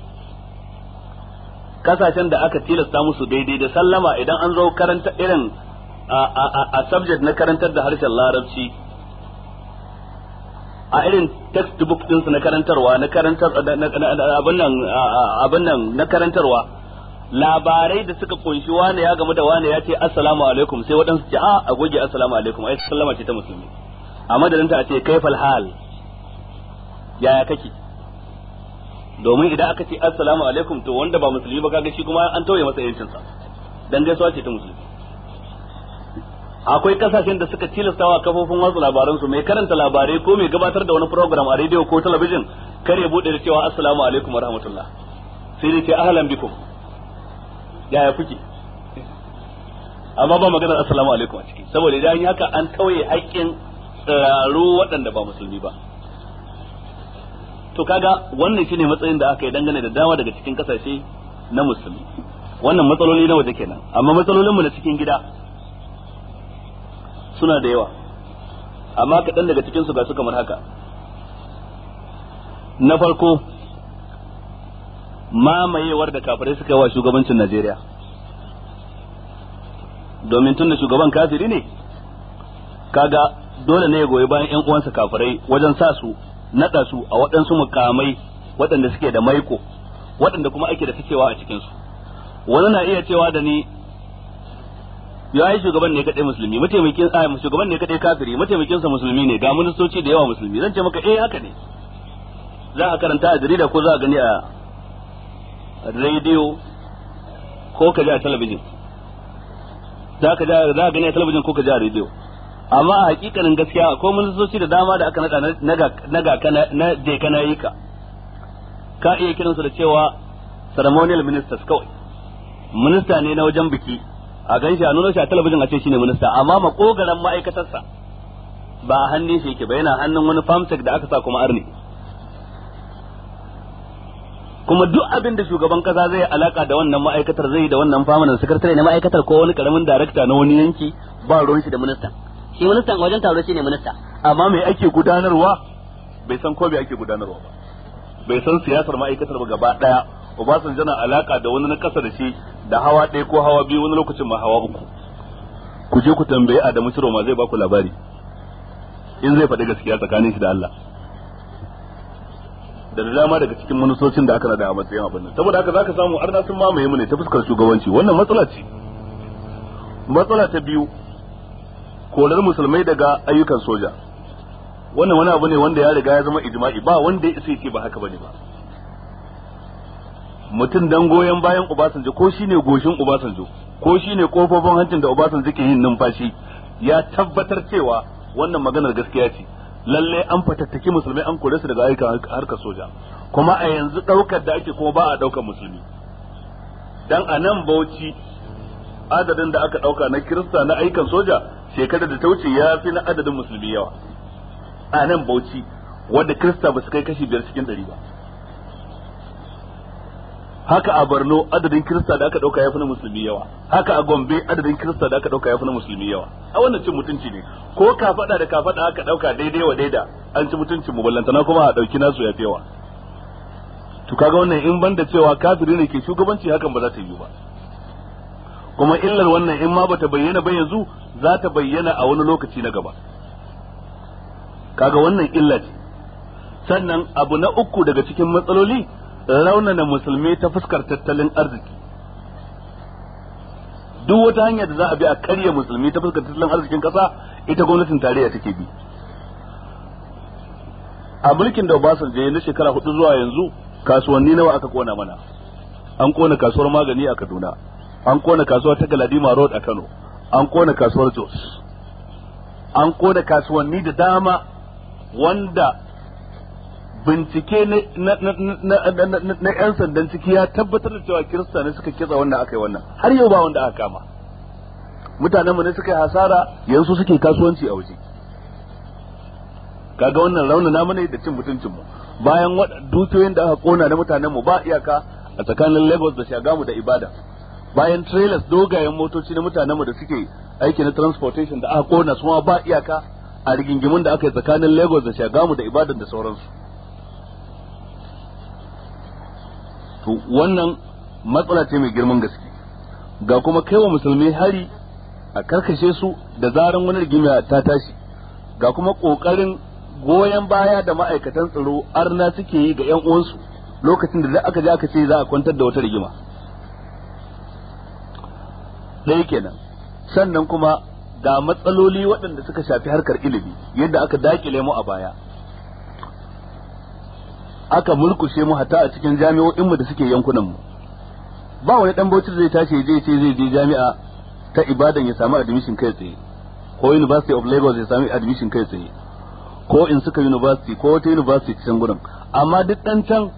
kasashen da aka tilasta musu daidai da sallama idan an zo karanta irin a subject na karantar da harshen larabci a irin textbook ɗinsu na karantarwa na karantar abin nan na karantarwa labarai da suka kunshi wane ya gamu da wane ya ce assalamu alaikum sai waɗansu ce a ah, a goge assalamu alaikum ai sallama ce ta musulmi a madadinta a ce kaifal hal yaya kake domin idan aka ce assalamu alaikum to wanda ba musulmi ba kaga shi kuma an tauye masa sa dan gaisuwa ce ta musulmi akwai kasashen da suka tilasta wa kafofin watsa labaran su mai karanta labarai ko mai gabatar da wani program a rediyo ko talabijin kar ya bude da cewa assalamu alaikum warahmatullah sai dai ce ahlan bikum yaya kuke amma ba maganar assalamu alaikum a ciki saboda idan yi haka an tauye haƙƙin tsaro waɗanda ba musulmi ba to kaga wannan shine matsayin da aka yi dangane da dama daga cikin kasashe na musulmi wannan matsaloli na waje kenan amma matsalolinmu na cikin gida suna da yawa amma kaɗan daga cikinsu ga su kamar haka na farko mamayewar da kafirai suka wa shugabancin Najeriya domin tun da shugaban kafiri ne kaga dole ne ya goyi bayan ƴan uwansa kafirai wajen sa su naɗa su a waɗansu mukamai waɗanda suke da maiko waɗanda kuma ake da ficewa a cikinsu wani na iya cewa da ni ya yi shugaban ne kadai musulmi mataimakin a ah, shugaban ne kadai kafiri mataimakin sa musulmi ne ga ministoci da yawa musulmi zan ce maka eh haka ne za a karanta a jarida ko za a gani a radio ko ka ji a talabijin za ka za a gani a talabijin ko ka ji a radio amma a hakikanin gaskiya akwai ministoci da dama da aka nada na ga na je kana yi ka ka iya kiransu da cewa ceremonial ministers kawai minista ne na wajen biki a gan shi a nuna shi a talabijin a ce shine minista amma makogaran ma'aikatarsa ba a hannun shi yake ba yana hannun wani famtek da aka sa kuma arni kuma duk abin da shugaban kasa zai alaka da wannan ma'aikatar zai da wannan famanin sakatare na ma'aikatar ko wani karamin darakta na wani yanki ba ruwan shi da minista. shi ministan wajen taro shine minista amma me ake gudanarwa bai san ko bai ake gudanarwa ba bai san siyasar ma'aikatar ba gaba daya Obasanjo na alaka da wani na kasa da shi da hawa ɗaya ko hawa biyu wani lokacin ma hawa uku ku je ku tambaye Adamu ma zai baku labari in zai faɗi gaskiya tsakanin shi da Allah da dama daga cikin manusocin da aka nada a matsayin abin nan saboda haka za ka samu arna sun mamaye mu ne ta fuskar shugabanci wannan matsala ce matsala ta biyu korar musulmai daga ayyukan soja wannan wani abu ne wanda ya riga ya zama ijma'i ba wanda ya isa yake ba haka bane ba mutum dan goyon bayan Obasanjo ko shine goshin Obasanjo ko shine kofofin hancin da Obasanjo ke yin numfashi ya tabbatar cewa wannan maganar gaskiya ce lalle an fatattaki musulmai an kore su daga aikin harkar soja kuma a yanzu daukar da ake kuma ba a daukar musulmi dan a nan Bauchi adadin da aka dauka na Kirista na aikin soja shekarar da ta wuce ya fi na adadin musulmi yawa a nan Bauchi wanda Kirista ba su kai kashi biyar cikin ɗari ba haka a Borno adadin Kirista da aka dauka yafi na musulmi yawa haka a Gombe adadin Kirista da aka dauka yafi na musulmi yawa a wannan cin mutunci ne ko ka fada da ka fada aka dauka daidai wa daida an ci mutuncin mu ballantana kuma a dauki nasu ya fewa to kaga wannan in banda cewa kafiri ne ke shugabanci hakan ba za ta yi ba kuma illar wannan in ma bata bayyana ba yanzu za ta bayyana a wani lokaci na gaba kaga wannan illa ce sannan abu na uku daga cikin matsaloli raunana musulmi ta fuskar tattalin arziki duk wata hanya da za a bi a karya musulmi ta fuskar tattalin arzikin kasa ita gwamnatin tarayya take bi a mulkin da Obasanjo je na shekara hudu zuwa yanzu kasuwanni nawa aka kona mana an kona kasuwar magani a Kaduna an kona kasuwar ta Galadima Road a Kano an kona kasuwar Jos an kona kasuwanni da dama wanda bincike na 'yan sandan ciki ya tabbatar da cewa kirista ne suka kitsa wannan aka wannan har yau ba wanda aka kama mutanen mu ne suka yi hasara yanzu suke kasuwanci a waje kaga wannan raunana mana da cin mutuncin mu bayan dukiyoyin da aka kona na mutanen mu ba iyaka a tsakanin Lagos da Shagamu da Ibadan bayan trailers dogayen motoci na mutanen mu da suke aiki na transportation da aka kona su ma ba iyaka a rigingimin da aka yi tsakanin Lagos da Shagamu da Ibadan da sauransu to wannan matsala ce mai girman gaske ga kuma kaiwa musulmi hari a karkashe su da zaran wani rigima ta tashi ga kuma kokarin goyon baya da ma'aikatan tsaro arna suke yi ga 'yan uwansu lokacin da aka je aka ce za a kwantar da wata rigima ɗaya kenan sannan kuma ga matsaloli waɗanda suka shafi harkar ilimi yadda aka dakile mu a baya aka mulkushe mu hatta a cikin jami'o'in mu da suke yankunan mu ba wani dan bauchi zai tashi je ce zai je jami'a ta ibadan ya samu admission kai tsaye ko University of Lagos ya samu admission kai tsaye ko in suka university ko wata university cikin gurin amma duk dan can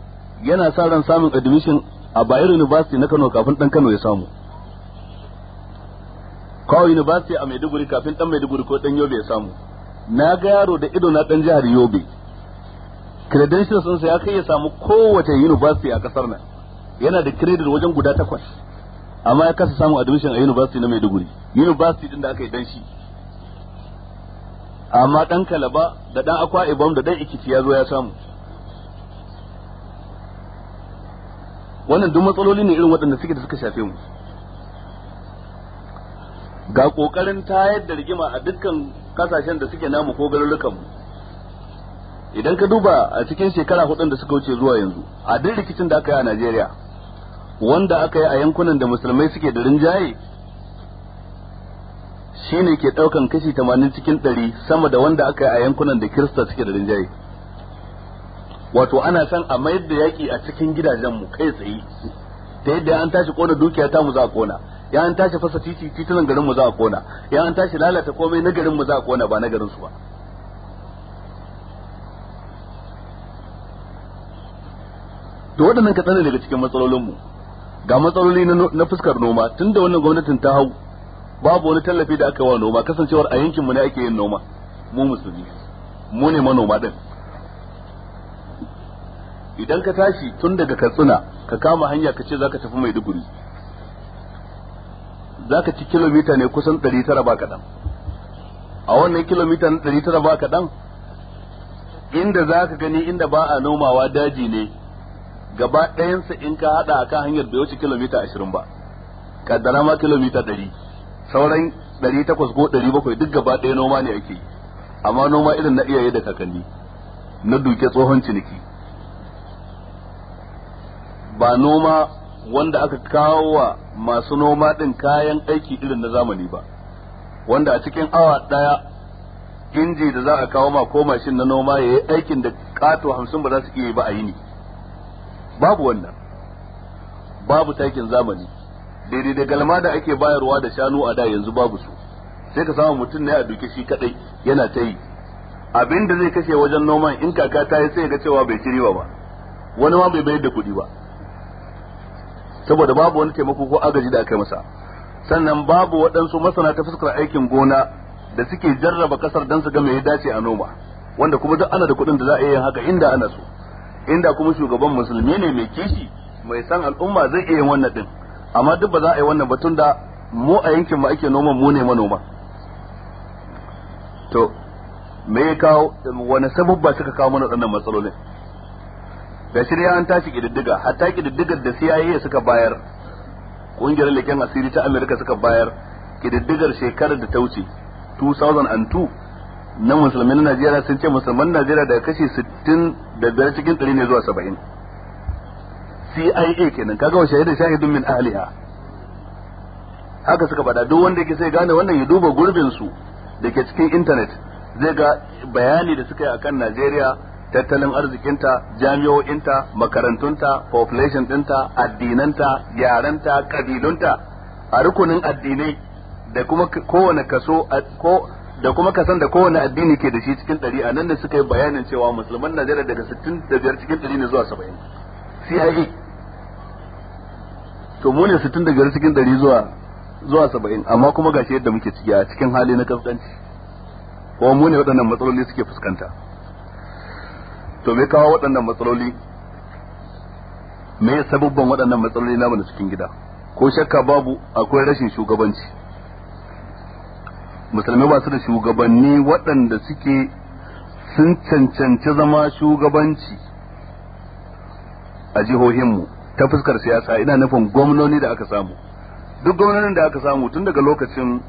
yana sa ran samun admission a Bayero University na Kano kafin dan Kano ya samu kawai university a Maiduguri kafin dan Maiduguri ko dan Yobe ya samu na ga yaro da ido na dan jihar Yobe sun sa ya kai ya samu kowace university a kasar nan yana da credit wajen guda takwas amma ya kasa samun admission a university na Maiduguri university din da aka yi dan shi amma dan Kalaba da dan Akwa Ibom da dan Ikiti ya zo ya samu wannan duk matsaloli ne irin waɗanda suke da suka shafe mu ga kokarin tayar da rigima a dukkan kasashen da suke namu ko garurukan mu idan ka duba a cikin shekara hudun da suka wuce zuwa yanzu a duk rikicin da aka yi a Najeriya wanda aka yi a yankunan da musulmai suke da rinjaye shine ke daukan kashi 80 cikin 100 sama da wanda aka yi a yankunan da Kirista suke da rinjaye wato ana san a mayar da yaki a cikin gidajenmu kai tsaye ta yadda an tashi kona dukiya ta mu za a kona ya an tashi fasa titi titunan garin mu za a kona ya an tashi lalata komai na garin mu za a kona ba na garin su ba to waɗannan ka ne daga cikin matsalolinmu ga matsaloli na fuskar noma tun da wannan gwamnatin ta hau babu wani tallafi da aka wa noma kasancewar a yankinmu ne ake yin noma mu musulmi mu ne manoma din idan ka tashi tun daga katsina ka kama hanya ka ce zaka tafi maiduguri zaka ci kilomita ne kusan 900 ba kaɗan a wannan kilomita na 900 ba kaɗan inda zaka gani inda ba a nomawa daji ne gaba ɗayansa in ka haɗa akan hanyar bai wuce kilomita ashirin ba kaddara ma kilomita ɗari sauran ɗari takwas ko ɗari bakwai duk gaba ɗaya noma ne ake amma noma irin na iyaye da kakanni na duke tsohon ciniki ba noma wanda aka kawo wa masu noma ɗin kayan aiki irin na zamani ba wanda a cikin awa ɗaya inji da za a kawo ma ko mashin na noma ya yi aikin da ƙato hamsin ba za su iya yi ba a yi ni. babu wannan babu takin zamani daidai da galma da ake bayarwa da shanu a da yanzu babu su sai ka samu mutum ne a duke shi kadai yana ta yi abin da zai kashe wajen noman in kaka ta yi sai ga cewa bai ci riba ba wani ma bai bayar da kuɗi ba saboda babu wani taimako ko agaji da aka masa sannan babu waɗansu masana ta fuskar aikin gona da suke jarraba kasar don su ga mai ya dace a noma wanda kuma duk ana da kuɗin da za a yi haka inda ana so inda kuma shugaban musulmi ne mai kishi mai san al'umma zai iya yin wannan din amma duk ba za a yi wannan ba da mu a yankin mu ake noman mu ne manoma to me ya kawo wani sababba suka kawo mana wannan matsalolin da shirya an tashi kididdiga hatta kididdigar da CIA suka bayar kungiyar leken asiri ta Amerika suka bayar kididdigar shekarar da ta wuce 2002 na musulmi na Najeriya sun ce musulman Najeriya daga kashi 60 da biyar cikin 100 ne zuwa 70 CIA kenan kaga wa shahidin shahidun min ahliha haka suka faɗa duk wanda yake sai gane wannan ya duba gurbin su da ke cikin intanet. zai ga bayani da suka yi akan Najeriya tattalin arzikinta jami'o'inta makarantunta population dinta addinanta yarenta kabilunta a rukunin addinai da kuma kowane kaso da kuma ka san da kowane addini ke da shi cikin ɗari a nan da suka yi bayanin cewa musulman Najeriya daga da biyar cikin ɗari ne zuwa 70 CIA to mu ne da biyar cikin ɗari zuwa zuwa 70 amma kuma gashi yadda muke ciki a cikin hali na kaskanci ko mu ne waɗannan matsaloli suke fuskanta to me kawo waɗannan matsaloli me sababban waɗannan matsaloli namu da cikin gida ko shakka babu akwai rashin shugabanci musulmai ba su da shugabanni waɗanda suke sun cancanci zama shugabanci a jihohinmu ta fuskar siyasa ina nufin gwamnoni da aka samu duk gwamnonin da aka samu tun daga lokacin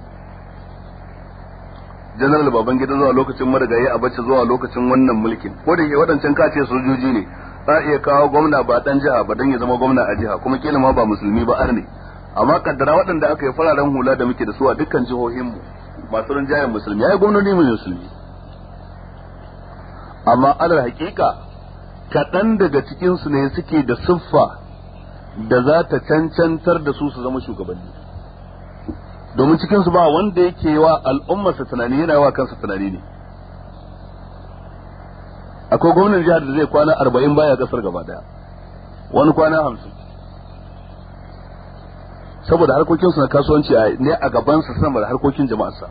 baban babangida zuwa lokacin marigayi a bacci zuwa lokacin wannan mulkin ko da ke waɗancan kace sojoji ne za iya kawo gwamna ba ɗan jiha ba don ya zama gwamna a jiha kuma kila ma ba musulmi ba arne amma kaddara waɗanda aka yi fararen hula da muke da su a dukkan jihohinmu masu rinjayen musulmi ya yi gwamnoni mai musulmi amma alal hakika kaɗan daga cikinsu ne suke da siffa da za ta cancantar da su su zama shugabanni domin cikinsu ba wanda yake wa al'ummarsa tunani yana wa kansa tunani ne akwai gwamnan jihar da zai kwana arba'in baya kasar gaba daya wani kwana hamsin saboda harkokinsu na kasuwanci ne a gabansa sama da harkokin jama'arsa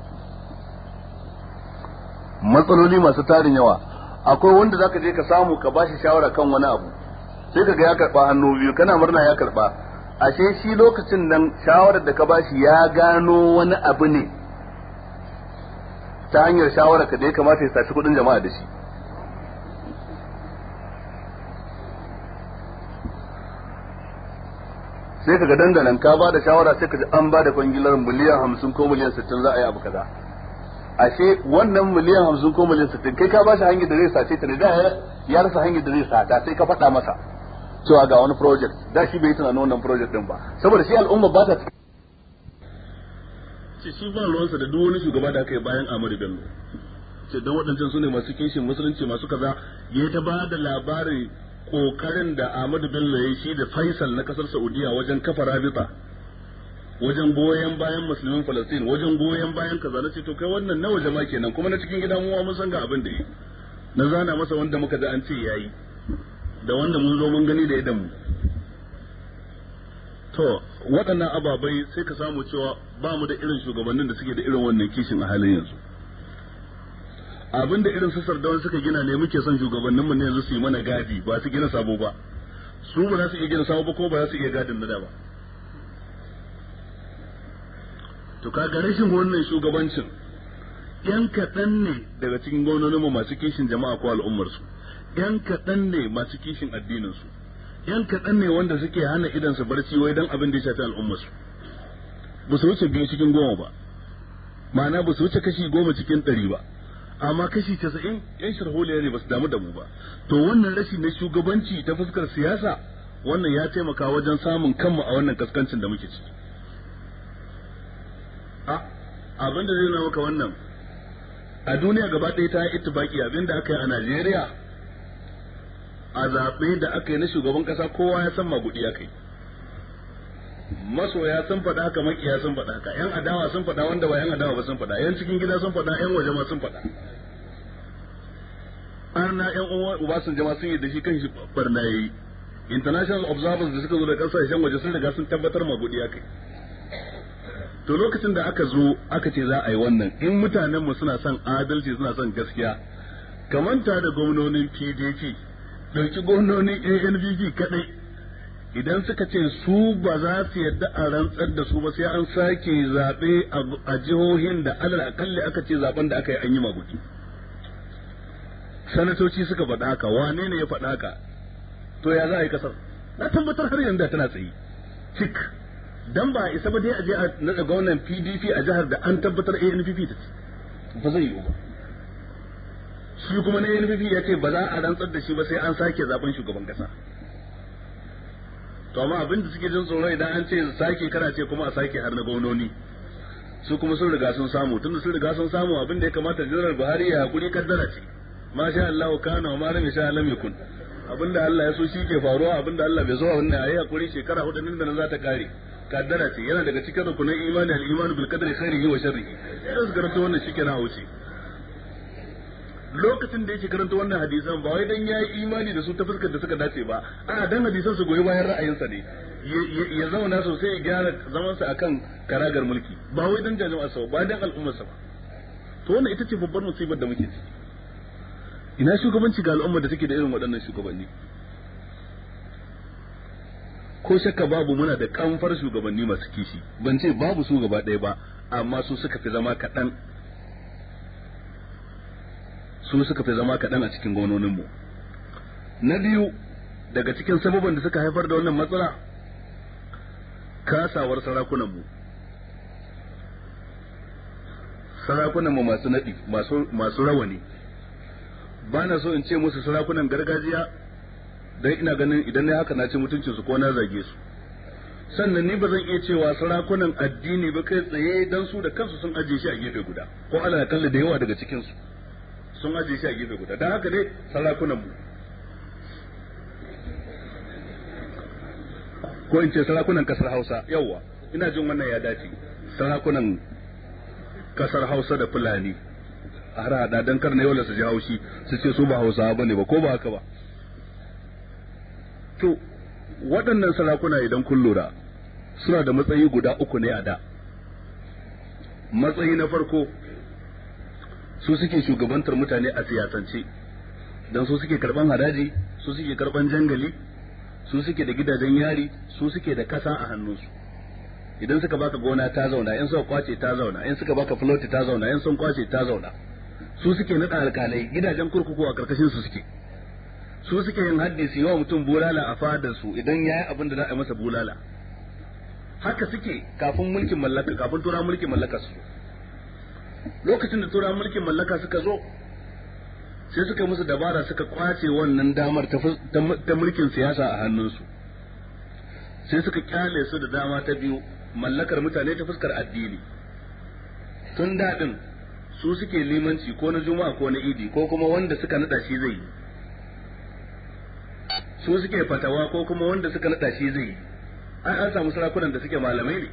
matsaloli masu tarin yawa akwai wanda zaka je ka samu ka bashi shawara kan wani abu sai ka ga ya karba hannu biyu kana murna ya karba ashe shi lokacin nan shawarar da ka bashi ya gano wani abu ne ta hanyar shawara ka da kamata ya saci kudin jama'a da shi sai kaga dangalan ka ba da shawara sai ji an ba da kwangilar miliyan hamsin ko miliyan sittin za a yi abu kaza ashe wannan miliyan hamsin ko miliyan sittin kai ka ba shi hanyar da zai sace ta ne da ya rasa hanyar da zai sata sai ka faɗa masa cewa ga wani project da shi bai tana tunanin wannan project din ba saboda shi al'umma ba ta ce su ba ruwansa da duk wani shugaba da aka yi bayan Amadu Bello ce don waɗancan su ne masu kishin musulunci masu kaza ya ta ba da labarin kokarin da Ahmadu Bello ya shi da Faisal na kasar Saudiya wajen kafa rabita wajen goyon bayan musulmin Falastin wajen goyon bayan kaza na to kai wannan nawa jama'a kenan kuma na cikin gida muwa mun san ga abin da yi na zana masa wanda muka ji an ce yayi da wanda mun zo mun gani da idan mu to waɗannan ababai sai ka samu cewa ba mu da irin shugabannin da suke da irin wannan kishin a halin yanzu Abin da irin da wani suka gina ne muke son shugabannin mu ne yanzu su yi mana gadi ba su gina sabo ba su ba za su iya gina sabo ba ko ba za su iya gadin da ba to kaga rashin wannan shugabancin yan kaɗan ne daga cikin mu masu kishin jama'a ko su yan kaɗan ne masu kishin addininsu yan kaɗan ne wanda suke hana su barci wai don abin da ya shafi su ba su wuce biyu cikin goma ba ma'ana ba su wuce kashi goma cikin ɗari ba amma kashi casa'in yan sharholiya ne ba su damu da mu ba to wannan rashi na shugabanci ta fuskar siyasa wannan ya taimaka wajen samun kanmu a wannan kaskancin da muke ciki a abin da zai na maka wannan a duniya gaba ɗaya ta yi itibaki abin da aka yi a najeriya a zaɓe da aka yi na shugaban ƙasa kowa ya san maguɗi ya kai. masoya sun faɗa haka makiya sun faɗa haka yan adawa sun faɗa wanda ba yan adawa ba sun faɗa yan cikin gida sun faɗa yan waje ma sun faɗa Ana, yan uwa sun ma sun yi da shi kan shi barna yayi international observers da suka zo da kasashen waje sun riga sun tabbatar ma godiya kai to lokacin da aka zo aka ce za a yi wannan in mutanen mu suna son adalci suna son gaskiya ta da gwamnonin PDP dauki gwamnonin ANPP kadai idan suka ce su ba za su yadda a rantsar da su ba sai an sake zaɓe a jihohin da alal akalli aka ce zaben da aka yi an yi magudi sanatoci suka faɗa haka wane ne ya faɗa haka to ya za a yi kasar na tabbatar har yanzu tana tsaye cik dan ba isa ba dai a je a naɗa gwamnan PDP a jihar da an tabbatar ANPP ta ce ba zai yiwu ba shi kuma na ANPP ya ce ba za a rantsar da shi ba sai an sake zaben shugaban kasa to amma abin da suke jin tsoro idan an ce sake kana ce kuma a sake har na gwamnoni su kuma sun riga sun samu tunda sun riga sun samu abin da ya kamata janar Buhari ya haƙuri kaddara ce ma sha Allah kana wa ma lam sha kun yakun abinda Allah ya so shi ke faruwa abinda Allah bai so abinda ayi hakuri shekara hudu nan da nan za ta kare kaddara ce yana daga cikin rukunin imani al-iman bil qadri khairihi wa sharrihi yanzu garanto karanta wannan shikenan a wuce lokacin da yake karanta wannan hadisan ba wai dan yayi imani da su ta fuskar da suka dace ba a dan hadisan su goyi bayan ra'ayinsa ne ya zauna sosai ya gyara zamansa akan karagar mulki ba wai dan jami'a ba dan sa ba to wannan ita ce babbar musibar da muke ciki ina shugabanci ga al'ummar da take da irin waɗannan shugabanni ko shakka babu muna da kamfar shugabanni masu kishi ban ce babu su gaba ɗaya ba amma su suka fi zama kaɗan su suka fi zama kaɗan a cikin gononinmu na biyu daga cikin sababan da suka haifar da wannan matsala kasawar sarakunanmu sarakunanmu masu naɗi masu rawani ba na so in ce musu sarakunan gargajiya dan ina ganin idan na haka na ce mutuncin su ko na zage su sannan ni ba zan iya cewa sarakunan addini ba kai tsaye dan su da kansu sun ajiye shi a gefe guda ko ala kalli da yawa daga cikin su sun ajiye shi a gefe guda dan haka dai sarakunan mu ko in ce sarakunan kasar Hausa yawa ina jin wannan ya dace sarakunan kasar Hausa da Fulani a har hada dan kar na yau su ji haushi su ce su ba hausawa bane ba ko ba haka ba to waɗannan sarakuna idan kun lura suna da matsayi guda uku ne a da matsayi na farko su suke shugabantar mutane a siyasance don su suke karban haraji su suke karban jangali su suke da gidajen yari su suke da kasa a hannunsu idan suka baka gona ta zauna in suka kwace ta zauna in suka baka floti ta zauna in sun kwace ta zauna su suke nada alkalai gidajen kurkuku a karkashin su suke su suke yin haddi su yi wa mutum bulala a fadar su idan ya yi abin da za a masa bulala haka suke kafin mulkin mallaka kafin tura mulkin mallaka su lokacin da tura mulkin mallaka suka zo sai suka musu dabara suka kwace wannan damar ta mulkin siyasa a hannunsu sai suka kyale su da dama ta biyu mallakar mutane ta fuskar addini tun daɗin su suke limanci ko na juma'a ko na idi ko kuma wanda suka nada shi zai su suke fatawa ko kuma wanda suka nada shi zai ai an samu sarakunan da suke malamai ne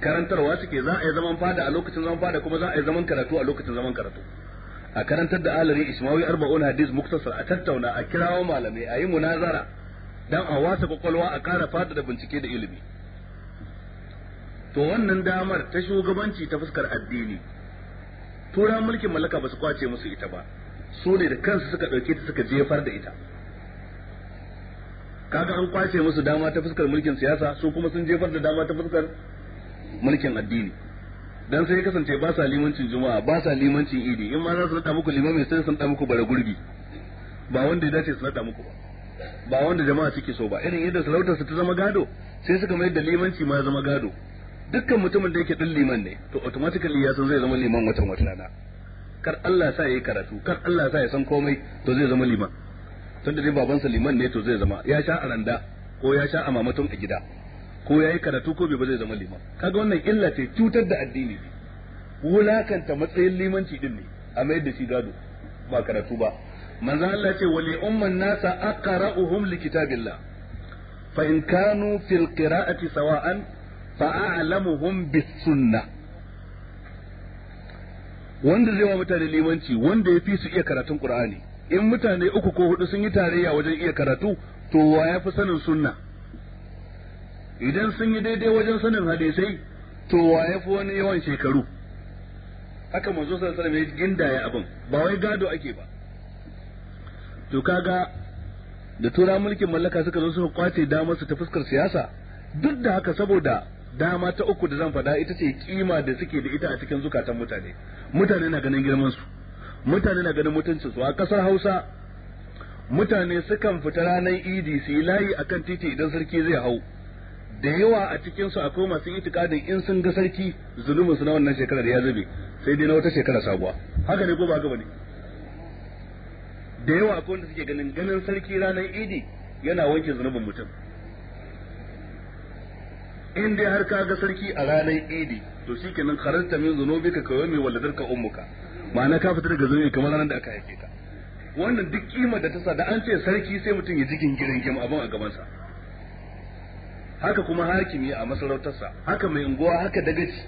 karantarwa suke za a yi zaman fada a lokacin zaman fada kuma za a yi zaman karatu a lokacin zaman karatu a karantar da alari ismawi arba'un hadis muktasar a tattauna a kirawo malamai a yi munazara dan a wasa kwakwalwa a kara fada da bincike da ilimi to wannan damar ta shugabanci ta fuskar addini turan mulkin mallaka ba su kwace musu ita ba su ne da kansu suka ɗauke ta suka jefar da ita kaga an kwace musu dama ta fuskar mulkin siyasa su kuma sun jefar da dama ta fuskar mulkin addini dan sai kasance ba sa limancin juma'a ba sa limancin idi in ma za su nada muku limami sai sun nada muku bara gurbi ba wanda ya dace su nada muku ba ba wanda jama'a suke so ba irin yadda sarautar su ta zama gado sai suka mai da limanci ma zama gado dukkan mutumin da yake din liman ne to automatically ya san zai zama liman watan wata rana kar Allah sa yayi karatu kar Allah sa ya san komai to zai zama liman da dai sa liman ne to zai zama ya sha aranda ko ya sha amamatun a gida ko ya yi karatu ko bai ba zai zama liman kaga wannan illa ce cutar da addini wulakanta matsayin limanci din ne a mai da shi gado ba karatu ba manzo Allah ce wali umman nasa aqra'uhum likitabillah fa in kanu fil qira'ati sawa'an fa'alamuhum bis sunna wanda zai wa mutane limanci wanda ya fi su iya karatun qur'ani in mutane uku ko hudu sun yi tarayya wajen iya karatu to wa ya fi sanin sunna idan sun yi daidai wajen sanin hadisai to wa ya fi wani yawan shekaru haka manzo sallallahu alaihi wasallam gindaya abin ba wai gado ake ba to kaga da tura mulkin mallaka suka zo suka kwace damar su ta fuskar siyasa duk da haka saboda dama ta uku da zan faɗa ita ce kima da suke da ita a cikin zukatan mutane mutane na ganin girman su mutane na ganin mutuncin su a ƙasar Hausa mutane sukan fita ranar Idi su yi layi akan titi idan sarki zai hau da yawa a cikin su akwai masu itikadin in sun ga sarki zulumin su na wannan shekarar ya zube sai dai na wata shekara sabuwa haka ne ko ba haka bane da yawa akwai wanda suke ganin ganin sarki ranar Idi yana wanke zunubin mutum in dai har ka ga sarki a ranar idi to kenan kharajta min zunubika ka yawmi waladarka ummuka ma'ana ka fita daga zunubi kamar ranar da aka haife ka wannan duk kima da ta sa da an ce sarki sai mutum ya ji girin kim abin a gabansa haka kuma hakimi a masarautarsa haka mai unguwa haka dagaci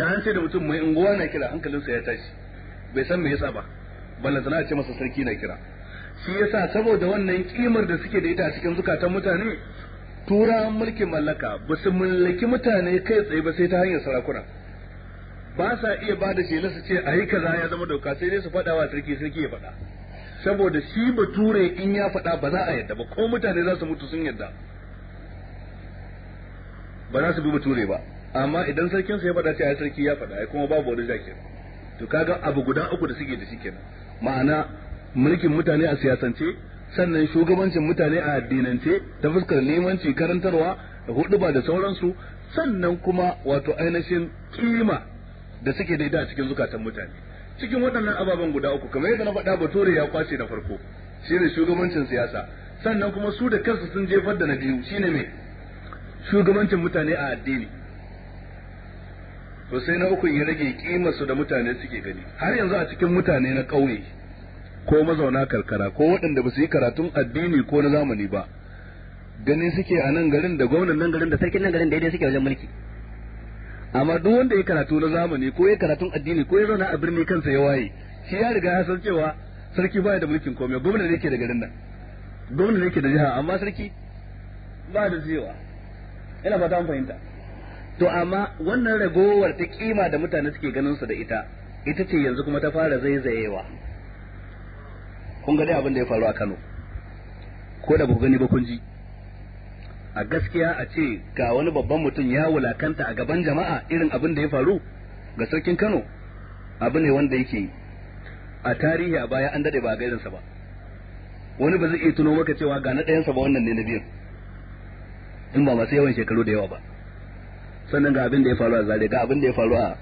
da an ce da mutum mai unguwa na kira hankalinsa ya tashi bai san me yasa ba balla a ce masa sarki na kira shi yasa saboda wannan kimar da suke da ita a cikin zukatan mutane turawan mulkin mallaka ba su mallaki mutane kai tsaye ba sai ta hanyar sarakuna ba sa iya ba da shela su ce a yi kaza ya zama doka sai dai su faɗa wa sarki sarki ya faɗa saboda shi bature in ya faɗa ba za a yadda ba ko mutane za su mutu sun yadda ba za su bi bature ba amma idan sarkin su ya faɗa ce yi sarki ya faɗa ya kuma babu wani jakin to kaga abu guda uku da suke da shi kenan ma'ana mulkin mutane a siyasance sannan shugabancin mutane a addinance ta fuskar limanci karantarwa da ba da sauransu sannan kuma wato ainihin kima da suke daidai a cikin zukatan mutane cikin waɗannan ababen guda uku kamar yadda na faɗa bature ya kwace na farko shine shugabancin siyasa sannan kuma su da kansu sun jefar da na biyu shine me shugabancin mutane a addini to sai na uku ya rage kimarsu da mutane suke gani har yanzu a cikin mutane na ƙauye ko mazauna karkara ko waɗanda ba su yi karatun addini ko na zamani ba ganin suke a nan garin da gwamnan nan garin da sarkin nan garin da daidai suke wajen mulki amma duk wanda ya karatu na zamani ko ya karatun addini ko ya zauna a birni kansa ya waye shi ya riga ya san cewa sarki baya da mulkin komai gwamna ne ke da garin nan gwamna ne ke da jiha amma sarki ba da zewa ina fata an fahimta to amma wannan ragowar ta kima da mutane suke ganin su da ita ita ce yanzu kuma ta fara zaizayewa kun ga dai abin da ya faru a Kano ko da ku gani ba kun ji a gaskiya a ce ga wani babban mutum ya wulakanta a gaban jama'a irin abin da ya faru ga sarkin Kano abu ne wanda yake a tarihi a baya an dade ba ga irinsa ba wani ba zai iya tuno maka cewa ga na ɗayansa ba wannan ne na biyan in ba masu yawan shekaru da yawa ba sannan ga abin da ya faru a Zare ga abin da ya faru a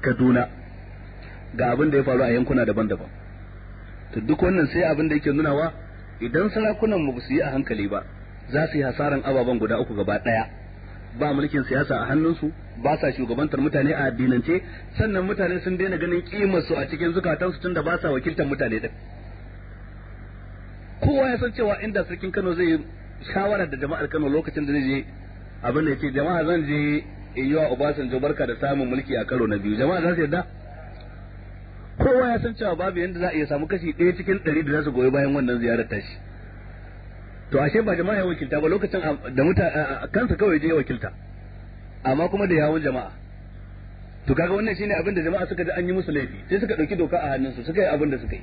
Kaduna ga abin da ya faru a yankuna daban-daban to duk wannan sai abin da yake nunawa idan sarakunan mu su yi a hankali ba za su yi hasaran ababen guda uku gaba daya ba mulkin siyasa a hannunsu ba sa shugabantar mutane a addinance sannan mutane sun daina ganin kimar su a cikin zukatansu tunda ba sa wakiltar mutane din kowa ya san cewa inda sarkin Kano zai shawara da jama'ar Kano lokacin da zai je abin da yake jama'a zan je in yi wa Obasanjo barka da samun mulki a karo na biyu jama'a za su yarda kowa ya san cewa babu yanda za a iya samu kashi ɗaya cikin ɗari da za su goyi bayan wannan ziyarar tashi to ashe ba jama'a ya wakilta ba lokacin da muta kansa kawai je ya wakilta amma kuma da yawon jama'a to kaga wannan shine abin da jama'a suka ji an yi musu laifi sai suka ɗauki doka a hannunsu suka yi abin da suka yi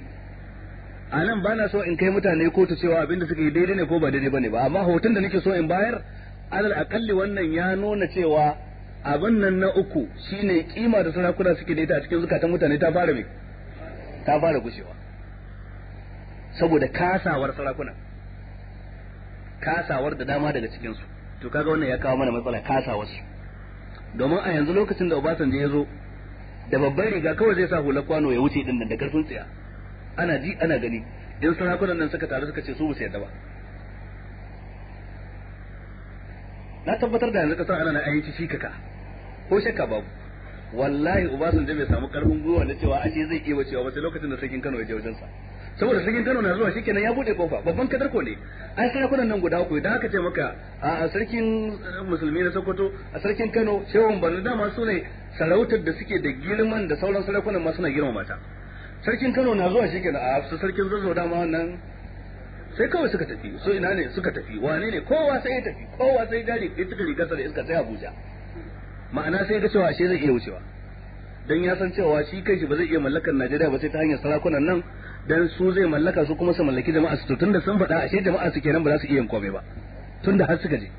a nan ba na so in kai mutane kotu cewa abin da suka yi daidai ne ko ba daidai bane ba amma hoton da nake so in bayar alal akalli wannan ya nuna cewa abin nan na uku shine kima da sarakuna suke da ita a cikin zukatan mutane ta fara mai ta fara gushewa saboda kasawar sarakuna kasawar da dama daga cikinsu to kaga wannan ya kawo mana matsala kasawar su domin a yanzu lokacin da Obasanjo ya zo da babban riga kawai zai sa hular kwano ya wuce din da karfin tsiya ana ji ana gani in sarakunan nan suka taru suka ce su ba su yadda ba na tabbatar da yanzu kasar ana na ayyuci shi kaka ko shakka babu wallahi Obasanjo bai samu karfin gwiwa na cewa ashe zai iya wacewa ba sai lokacin da sarkin Kano ya je wajen sa saboda sarkin Kano na zuwa shikenan ya bude kofa babban kadarko ne ai sarakunan nan guda uku da aka ce maka a sarkin eh, musulmi na Sokoto a sarkin Kano shehun Borno dama su ne sarautar da suke da girman da sauran sarakunan ma suna girma mata sarkin Kano na zuwa shikenan a su sarkin Zazzau dama wannan sai kawai suka tafi so ina ne suka tafi wane ne kowa sai ya tafi kowa sai gari ya tuka rigarsa da iska sai Abuja ma'ana sai ga cewa shi zai iya wucewa dan ya san cewa shi shi ba zai iya mallakar Najeriya ba sai ta hanyar sarakunan nan dan su zai mallaka su kuma su mallaki jama'a su tunda sun faɗa ashe jama'a su kenan ba za su iya yin komai ba tunda har suka je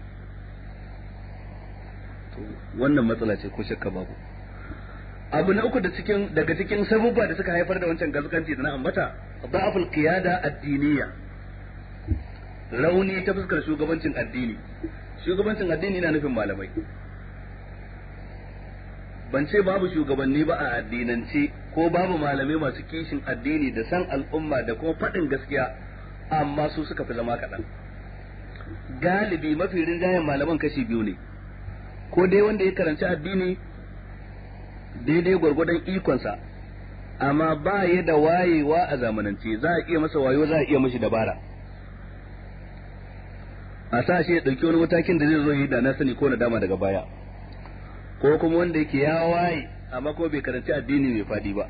to wannan matsala ce ko shakka babu abu na uku da cikin daga cikin sabubba da suka haifar da wancan gaskanci da na ambata da'aful qiyada addiniya rauni ta fuskar shugabancin addini shugabancin addini na nufin malamai ban ce babu shugabanni ba a addinance ko babu malamai masu kishin addini da san al'umma da kuma faɗin gaskiya amma su suka fi zama kaɗan galibi mafi rinjayen malaman kashi biyu ne ko dai wanda ya karanci addini daidai gwargwadon ikonsa amma ba ya da wayewa a zamanance za a iya masa wayo za a iya mashi dabara a sa shi ya ɗauki wani matakin da zai zo yi da na sani ko na dama daga baya ko kuma wanda yake ya waye amma ko bai karanci addini mai fadi ba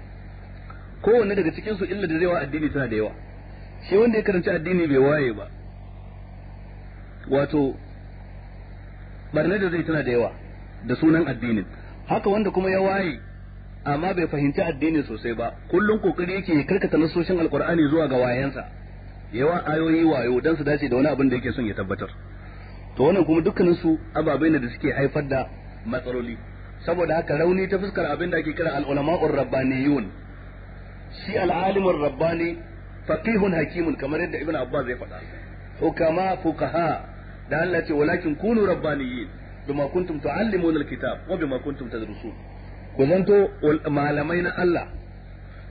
kowanne daga cikin illa da zai wa addini tana da yawa shi wanda ya karanci addini bai waye ba wato barna da zai tana da yawa da sunan addinin haka wanda kuma ya waye amma bai fahimci addini sosai ba kullum kokari yake karkata nasoshin alkur'ani zuwa ga wayensa yawa ayoyi wayo dan su dace da wani abin da yake son ya tabbatar to wannan kuma dukkanin su ababai ne da suke haifar da matsaloli saboda haka rauni ta fuskar abin da ake kira al-ulama'ur rabbaniyun shi al-alimur rabbani faqihun hakimun kamar yadda ibnu abbas ya faɗa hukama fuqaha da Allah ce walakin kunu rabbaniyin bima kuntum tuallimuna al-kitab wa bima kuntum tadrusun ku zanto malamai na Allah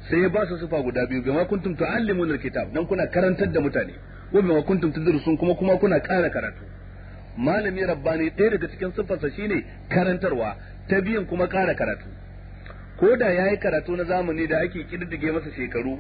sai ya ba su sufa guda biyu bima kuntum tuallimuna al-kitab dan kuna karantar da mutane wa bima kuntum tadrusun kuma kuma kuna ƙara karatu malami rabbani ɗaya daga cikin siffarsa shine karantarwa ta biyan kuma ƙara karatu ko da ya yi karatu na zamani da ake ƙididdige masa shekaru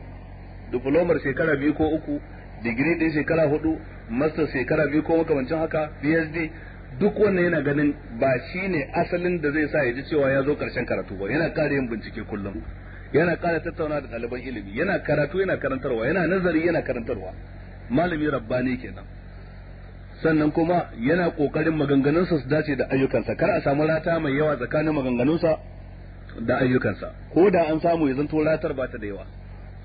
diplomar shekara biyu ko uku digiri ɗin shekara hudu master shekara biyu ko makamancin haka B.S.D. duk wannan yana ganin ba shi ne asalin da zai sa ya ji cewa ya zo ƙarshen karatu ba yana ƙara yin bincike kullum yana ƙara tattauna da ɗaliban ilimi yana karatu yana karantarwa yana nazari yana karantarwa malami rabbani kenan sannan kuma yana kokarin maganganunsa su dace da ayyukansa kar a samu rata mai yawa tsakanin maganganunsa da ayyukansa ko da an samu ya to ratar ba ta da yawa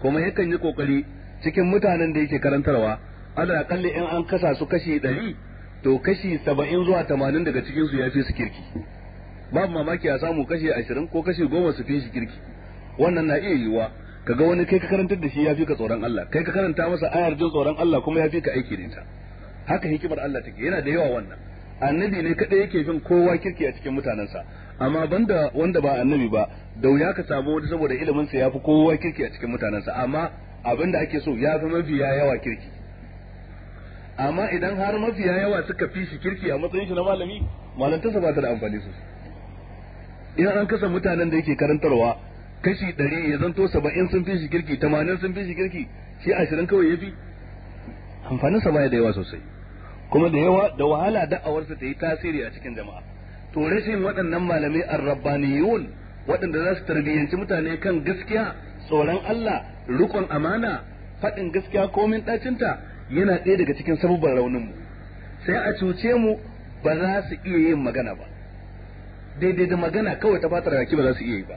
kuma yakan yi kokari cikin mutanen da yake karantarwa ala kalli in an kasa su kashi ɗari to kashi saba'in zuwa tamanin daga cikin su ya fi su kirki babu mamaki a samu kashi ashirin ko kashi goma su fi shi kirki wannan na iya yiwuwa kaga wani kai ka karantar da shi ya fi ka tsoron Allah kai ka karanta masa ayar jin tsoron Allah kuma ya fi ka aiki da ita haka hikimar Allah take yana da yawa wannan annabi ne kadai yake bin kowa kirki a cikin mutanensa amma banda wanda ba annabi ba da wuya ka samu wani saboda ilimin sa yafi kowa kirki a cikin mutanensa amma abinda ake so ya fi mafiya yawa kirki amma idan har mafiya yawa suka fi shi kirki a matsayin shi na malami malantarsa ba ta da amfani sosai idan an kasa mutanen da yake karantarwa kashi ɗari ya zanto saba'in sun fi shi kirki tamanin sun fi shi kirki shi ashirin kawai ya fi amfaninsa ba ya da yawa sosai kuma da yawa da wahala da'awarsa ta yi tasiri a cikin jama'a to rashin waɗannan malamai arrabbaniyun waɗanda za su tarbiyyanci mutane kan gaskiya tsoron Allah rukun amana faɗin gaskiya komin ɗacinta yana ɗaya daga cikin sabubban raunin mu sai a cuce mu ba za su iya yin magana ba daidai da magana kawai ta fatar baki ba za su iya yi ba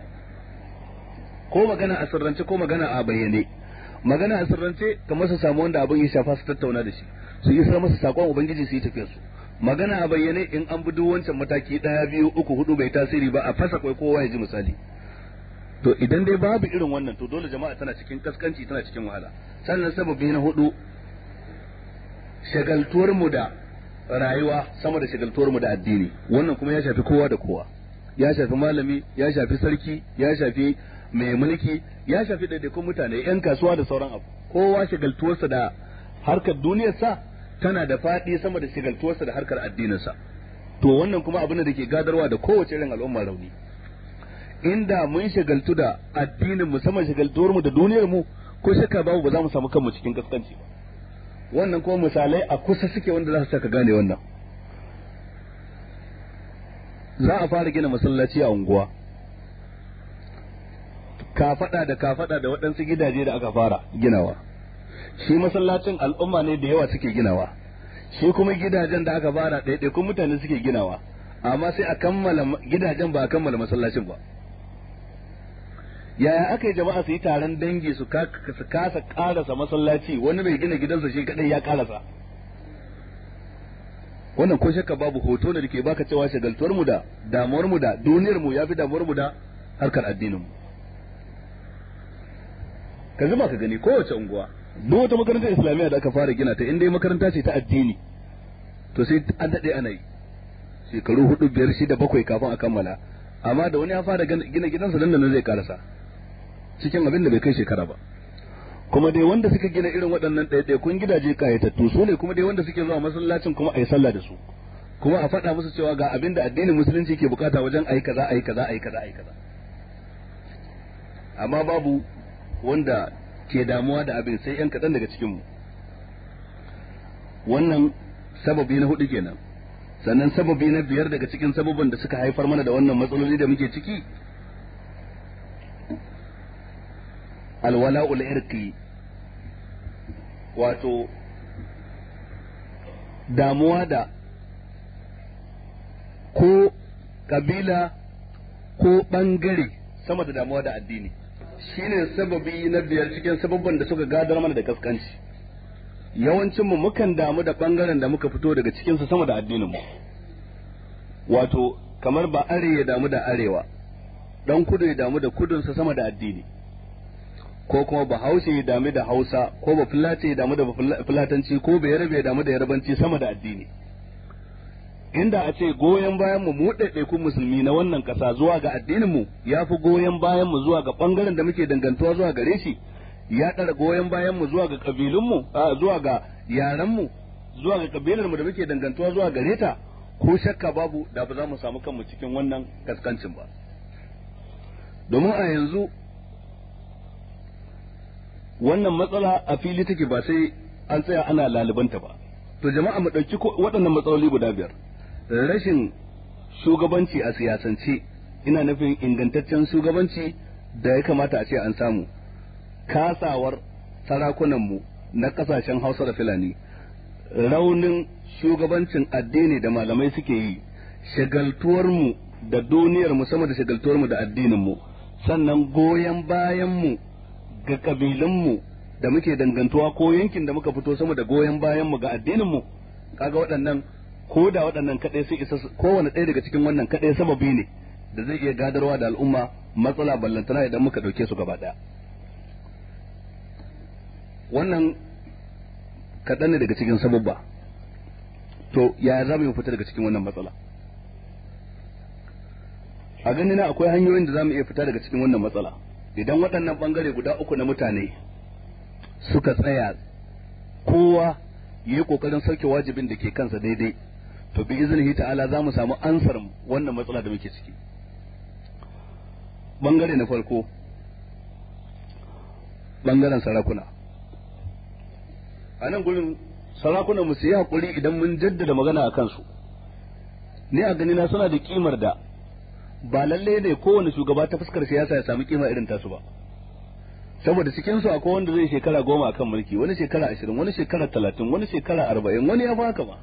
ko magana a sirrance ko magana a bayyane magana a sirrance kamar su samu wanda abin ya shafa su tattauna da shi su sa masa sakon ubangiji su yi tafiyar su magana a bayyane in an bi wancan mataki daya biyu uku hudu bai tasiri ba a fasa kwai kowa ya ji misali to idan dai babu irin wannan to dole jama'a tana cikin kaskanci tana cikin wahala sannan sababi na hudu shagaltuwar mu da rayuwa sama da shagaltuwar mu da addini wannan kuma ya shafi kowa da kowa ya shafi malami ya shafi sarki ya shafi mai mulki ya shafi ɗaiɗaikun mutane 'yan kasuwa da sauran abu kowa shagaltuwarsa da harkar duniyar sa. tana da faɗi sama da shigaltuwarsa da harkar addininsa to wannan kuma abin da ke gadarwa da kowace irin al'umma rauni inda mun shagaltu da addinin musamman shagaltuwar mu da duniyar mu ko shaka babu ba za mu samu kanmu cikin kaskanci ba wannan kuma misalai a kusa suke wanda za su saka gane wannan za a fara gina masallaci a unguwa ka faɗa da ka faɗa da waɗansu gidaje da aka fara ginawa shi masallacin al'umma ne da yawa suke ginawa shi kuma gidajen da aka bara kuma mutane suke ginawa amma sai a kammala gidajen ba a kammala masallacin ba yaya aka yi jama'a su yi taron dangi su kasa karasa masallaci wani mai gina gidansa shi kadai ya karasa wannan ko shakka babu hoto ne da ke baka cewa shagaltuwar mu da damuwar mu da duniyar mu yafi damuwar mu da harkar addinin mu ka zuba ka gani kowace unguwa duk wata makarantar islamiyya da aka fara gina ta inda makaranta ce ta addini to sai an daɗe ana yi shekaru hudu biyar shida bakwai kafin a kammala amma da wani ya fara gina gidansa nan nan zai karasa cikin abin da bai kai shekara ba kuma dai wanda suka gina irin waɗannan kun gidaje kayatattu su ne kuma dai wanda suke zuwa masallacin kuma a yi sallah da su kuma a faɗa musu cewa ga abin da addinin musulunci ke bukata wajen yi kaza yi kaza yi kaza yi kaza amma babu wanda ke damuwa da abin sai yan kaɗan daga cikinmu wannan sababi na hudu kenan sannan sababi na biyar daga cikin sababin da suka haifar mana da wannan matsaloli da muke ciki alwala'ul irki wato damuwa da ko kabila ko ɓangare sama da damuwa da addini shine sababi na biyar cikin sababban da suka gadar mana da kaskanci yawancin mu mukan damu da bangaren da muka fito daga cikin su sama da addinin mu wato kamar ba are ya damu da arewa dan kudu ya damu da kudun sa sama da addini ko kuma bahaushe ya damu da hausa ko ba fulata ya damu da fulatanci ko ba yarabe ya damu da yarabanci sama da addini inda a ce goyon bayan mu mu ɗaiɗaikun musulmi na wannan kasa zuwa ga addinin mu ya fi goyon bayan zuwa ga ɓangaren da muke dangantuwa zuwa gare shi ya ɗara goyon bayan zuwa ga ƙabilunmu zuwa ga yaran zuwa ga ƙabilarmu da muke dangantuwa zuwa gare ta ko shakka babu da ba za mu samu kanmu cikin wannan kaskancin ba domin a yanzu wannan matsala a fili take ba sai an tsaya ana lalibanta ba to jama'a mu ɗauki waɗannan matsaloli guda biyar rashin shugabanci a siyasance ina nufin ingantaccen shugabanci da ya kamata a ce an samu kasawar sarakunanmu na kasashen hausa da filani. raunin shugabancin addini da malamai suke yi shagaltuwarmu da duniyar sama da shagaltuwarmu da addininmu sannan goyon bayanmu ga ƙabilunmu da muke dangantuwa ko yankin da muka fito sama da goyon bayanmu ga addininmu kaga waɗannan ko da waɗannan kaɗai sun isa kowane ɗaya daga cikin wannan kaɗai sababi ne da zai iya gadarwa da al'umma matsala ballantana idan muka ɗauke su gaba ɗaya wannan kaɗan ne daga cikin sababba to ya za mu yi fita daga cikin wannan matsala a ganin akwai hanyoyin da za mu iya fita daga cikin wannan matsala idan waɗannan ɓangare guda uku na mutane suka tsaya kowa ya yi ƙoƙarin sauke wajibin da ke kansa daidai to bi izini ta'ala za mu samu ansar wannan matsala da muke ciki bangare na farko bangaren sarakuna a nan gurin sarakunan mu su yi haƙuri idan mun jaddada magana a kansu ni a ganina suna da kimar da ba lalle ne kowane shugaba ta fuskar siyasa ya samu kima irin tasu ba saboda cikin su akwai wanda zai shekara goma akan mulki wani shekara ashirin wani shekara talatin wani shekara arba'in wani ya baka ba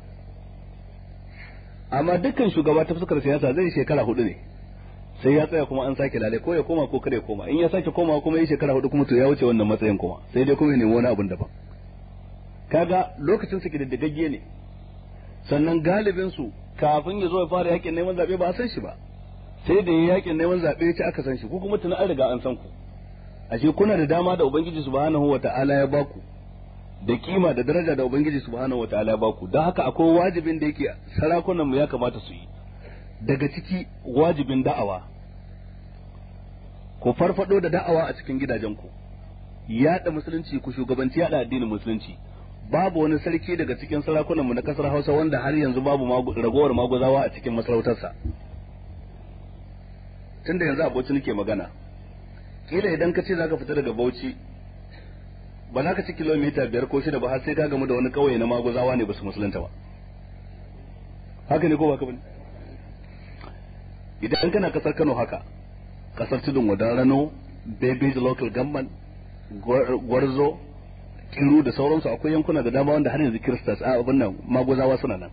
amma dukkan shugaba ta fuskar siyasa zai yi shekara hudu ne sai ya tsaya kuma an sake lale ko ya koma ko kare koma in ya sake koma kuma ya yi shekara hudu kuma to ya wuce wannan matsayin kuma sai dai kuma ya nemi wani abun daban kaga lokacin su kididdigagge ne sannan galibin su kafin ya zo ya fara yakin neman zabe ba a san shi ba sai da ya yakin neman zabe ya ci aka san shi ko kuma tuna an riga an san ku ashe kuna da dama da ubangiji subhanahu wataala ya baku da kima da daraja da ubangiji subhanahu wataala ba ku don haka akwai wajibin da yake sarakunan mu ya kamata su yi daga ciki wajibin da'awa ku farfado da da'awa a cikin gidajenku yaɗa musulunci ku shugabanci yaɗa addinin musulunci babu wani sarki daga cikin sarakunan mu na kasar Hausa wanda har yanzu babu ragowar magozawa a cikin masarautarsa tunda yanzu abocin nake magana kila idan ka ce zaka fita daga Bauchi ba za ka ci kilomita biyar ko shida ba har sai ka gamu da wani kawai na maguzawa ne ba su musulunta ba haka ne ko ba ka bane idan kana kasar Kano haka kasar tudun wadan rano babies local government gwarzo kiru da sauransu akwai yankuna da dama wanda har yanzu kiristas a abin nan maguzawa suna nan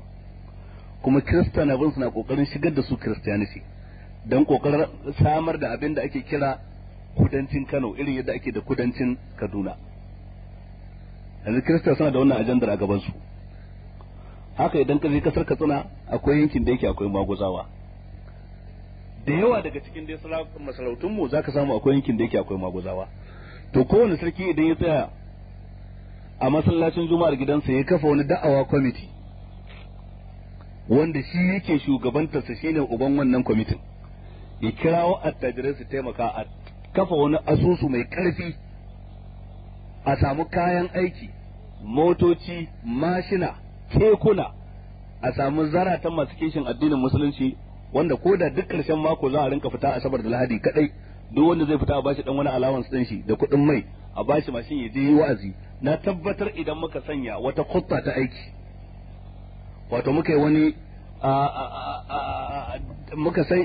kuma kirista na bin suna kokarin shigar da su kiristiyanisi don kokarin samar da abin da ake kira kudancin kano irin yadda ake da kudancin kaduna yanzu kirista suna da wannan ajandar a gabansu haka idan ka je kasar katsina akwai yankin da yake akwai maguzawa da yawa daga cikin dai masarautunmu za ka samu akwai yankin da yake akwai maguzawa to kowane sarki idan ya tsaya a masallacin juma'ar gidansa ya kafa wani da'awa kwamiti wanda shi yake shugabantarsa shine uban wannan kwamitin ya kira wa attajirai su taimaka a kafa wani asusu mai karfi a samu kayan aiki motoci mashina kekuna a samu zaratan masu kishin addinin musulunci wanda ko da duk karshen mako za a rinka fita a asabar da lahadi kadai duk wanda zai fita a bashi dan wani allowance din shi da kuɗin mai a bashi mashin ya je wa'azi na tabbatar idan muka sanya wata khutta ta aiki wato muka yi wani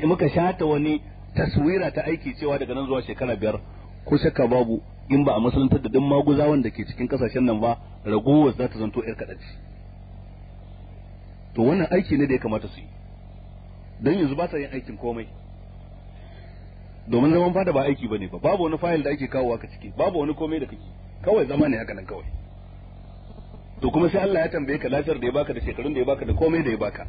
muka shata wani taswira ta aiki cewa daga nan zuwa shekara biyar ko shakka babu in ba a masalantar da duk maguzawan da ke cikin kasashen nan ba ragowar za ta zanto yar kaɗan to wannan aiki ne da ya kamata su yi don yanzu ba ta yin aikin komai domin zaman fada ba aiki bane ba babu wani fayil da ake kawowa ka ciki babu wani komai da kake kawai zama ne haka nan kawai to kuma sai Allah ya tambaye ka lafiyar da ya baka da shekarun da ya baka da komai da ya baka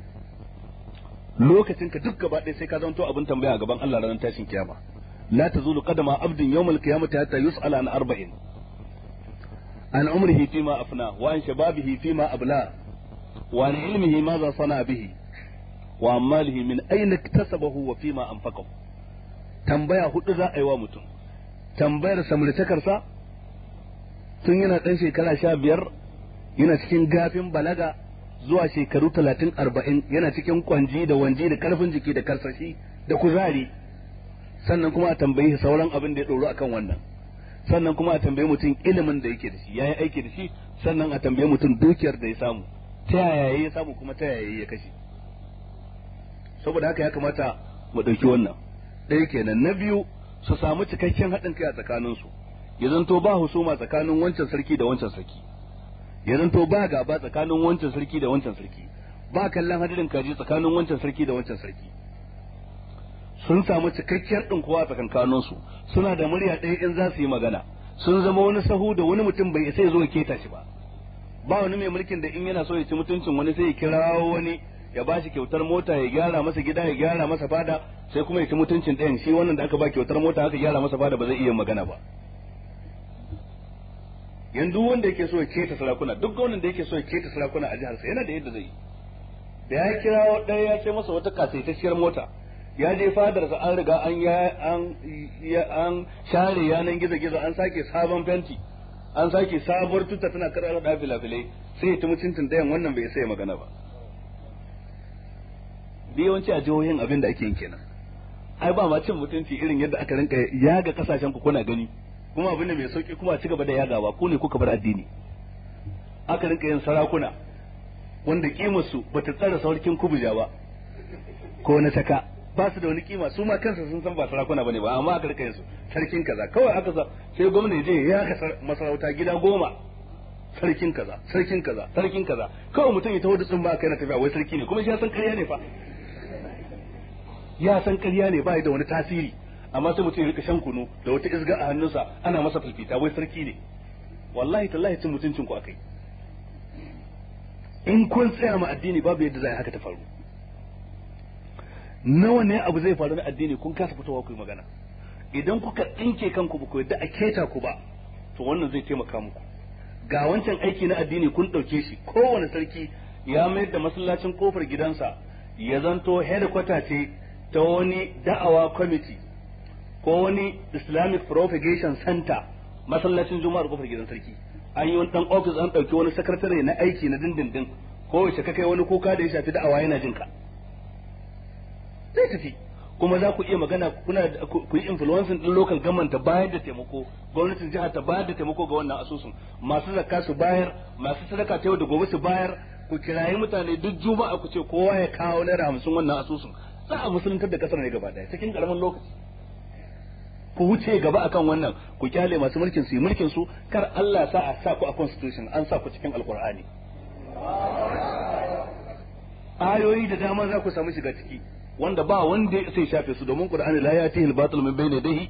lokacin ka duk gaba ɗaya sai ka zanto abin tambaya a gaban Allah ranar tashin kiyama la tazulu qadama abdin yawm al-qiyamati hatta yus'ala an arba'in an umrihi fima afna wa an shababihi fima abla wa an ilmihi madha sana bihi wa amalihi min aina iktasabahu wa fima anfaqahu tambaya hudu za a yi wa mutum tambayar samurtakarsa tun yana ɗan shekara sha biyar yana cikin gafin balaga zuwa shekaru talatin arba'in yana cikin kwanji da wanji da karfin jiki da karsashi da kuzari sannan kuma a tambayi shi sauran abin da ya doro akan wannan sannan kuma a tambayi mutum ilimin da yake da shi yayi aiki da shi sannan a tambayi mutum dukiyar da ya samu ta yaya ya samu kuma ta yaya ya kashe saboda haka ya kamata mu dauki wannan ɗaya kenan na biyu su samu cikakken haɗin kai a tsakaninsu ya zanto ba husuma tsakanin wancan sarki da wancan sarki ya zanto ba gaba tsakanin wancan sarki da wancan sarki ba kallon hadirin kaji tsakanin wancan sarki da wancan sarki sun samu cikakkiyar ɗinkuwa a kanunsu suna da murya ɗaya in za su yi magana sun zama wani sahu da wani mutum bai isa ya zo ya keta shi ba ba wani mai mulkin da in yana so ya ci mutuncin wani sai ya kira wani ya ba shi kyautar mota ya gyara masa gida ya gyara masa fada sai kuma ya ci mutuncin ɗayan shi wannan da aka ba kyautar mota aka gyara masa fada ba zai iya magana ba yanzu wanda yake so ya keta sarakuna duk gwamnan da yake so ya keta sarakuna a jihar sa yana da yadda zai da ya kira ɗaya ya ce masa wata kasaitacciyar mota ya je fadar an riga an ya an share yanan gizo gizo an sake sabon fenti an sake sabuwar tuta tana karar da filafilai sai ya ta mutuntun dayan wannan bai sai magana ba Bi yawanci a jihohin abin da ake yin kenan ai ba ma cin mutunci irin yadda aka rinka yaga kasashen ku kuna gani kuma abin da mai sauki kuma ci gaba da yagawa ko ne kuka bar addini aka rinka yin sarakuna wanda kimar su bata tsara sarkin kubuja ba ko na taka ba su da wani kima su ma kansu sun san ba sarakuna bane ba amma aka rika su sarkin kaza kawai aka sa sai gwamnati je ya ka masarauta gida goma sarkin kaza sarkin kaza sarkin kaza kawai mutum ya taho da tsumba kai na tafiya wai sarki ne kuma shi ya san karya ne fa ya san karya ne ba da wani tasiri amma sai mutum ya rika shan kunu da wata isga a hannunsa ana masa filfita wai sarki ne wallahi tallahi cin mutuncin ku akai in kun tsaya ma addini babu yadda za a haka ta faru nawa ne abu zai faru na addini kun kasa fitowa ku yi magana idan kuka tsinke kanku ba ku yadda a keta ku ba to wannan zai taimaka muku ga wancan aiki na addini kun ɗauke shi kowane sarki ya mayar da masallacin kofar gidansa ya zanto headquarter ce ta wani da'awa committee ko wani islamic propagation center masallacin juma'ar kofar gidan sarki an yi wani dan office an ɗauki wani sakatare na aiki na dindindin ko ka kai wani kuka da ya shafi da'awa yana jinka zai tafi kuma za ku iya magana kuna ku yi influencing din local government ta bayar da taimako gwamnatin jihar ta bayar da taimako ga wannan asusun masu zakka su bayar masu sadaka ta yau da gobe su bayar ku kirayi mutane duk juma'a ku ce kowa ya kawo naira hamsin wannan asusun za a musuluntar da kasar ne gaba daya cikin karamin lokaci ku wuce gaba akan wannan ku kyale masu mulkin su yi mulkin su kar Allah sa a sa ku a constitution an sa ku cikin alkur'ani ayoyi da dama za ku samu shiga ciki wanda ba wanda sai shafe su domin qur'ani la ya al-batil min bayni yadayhi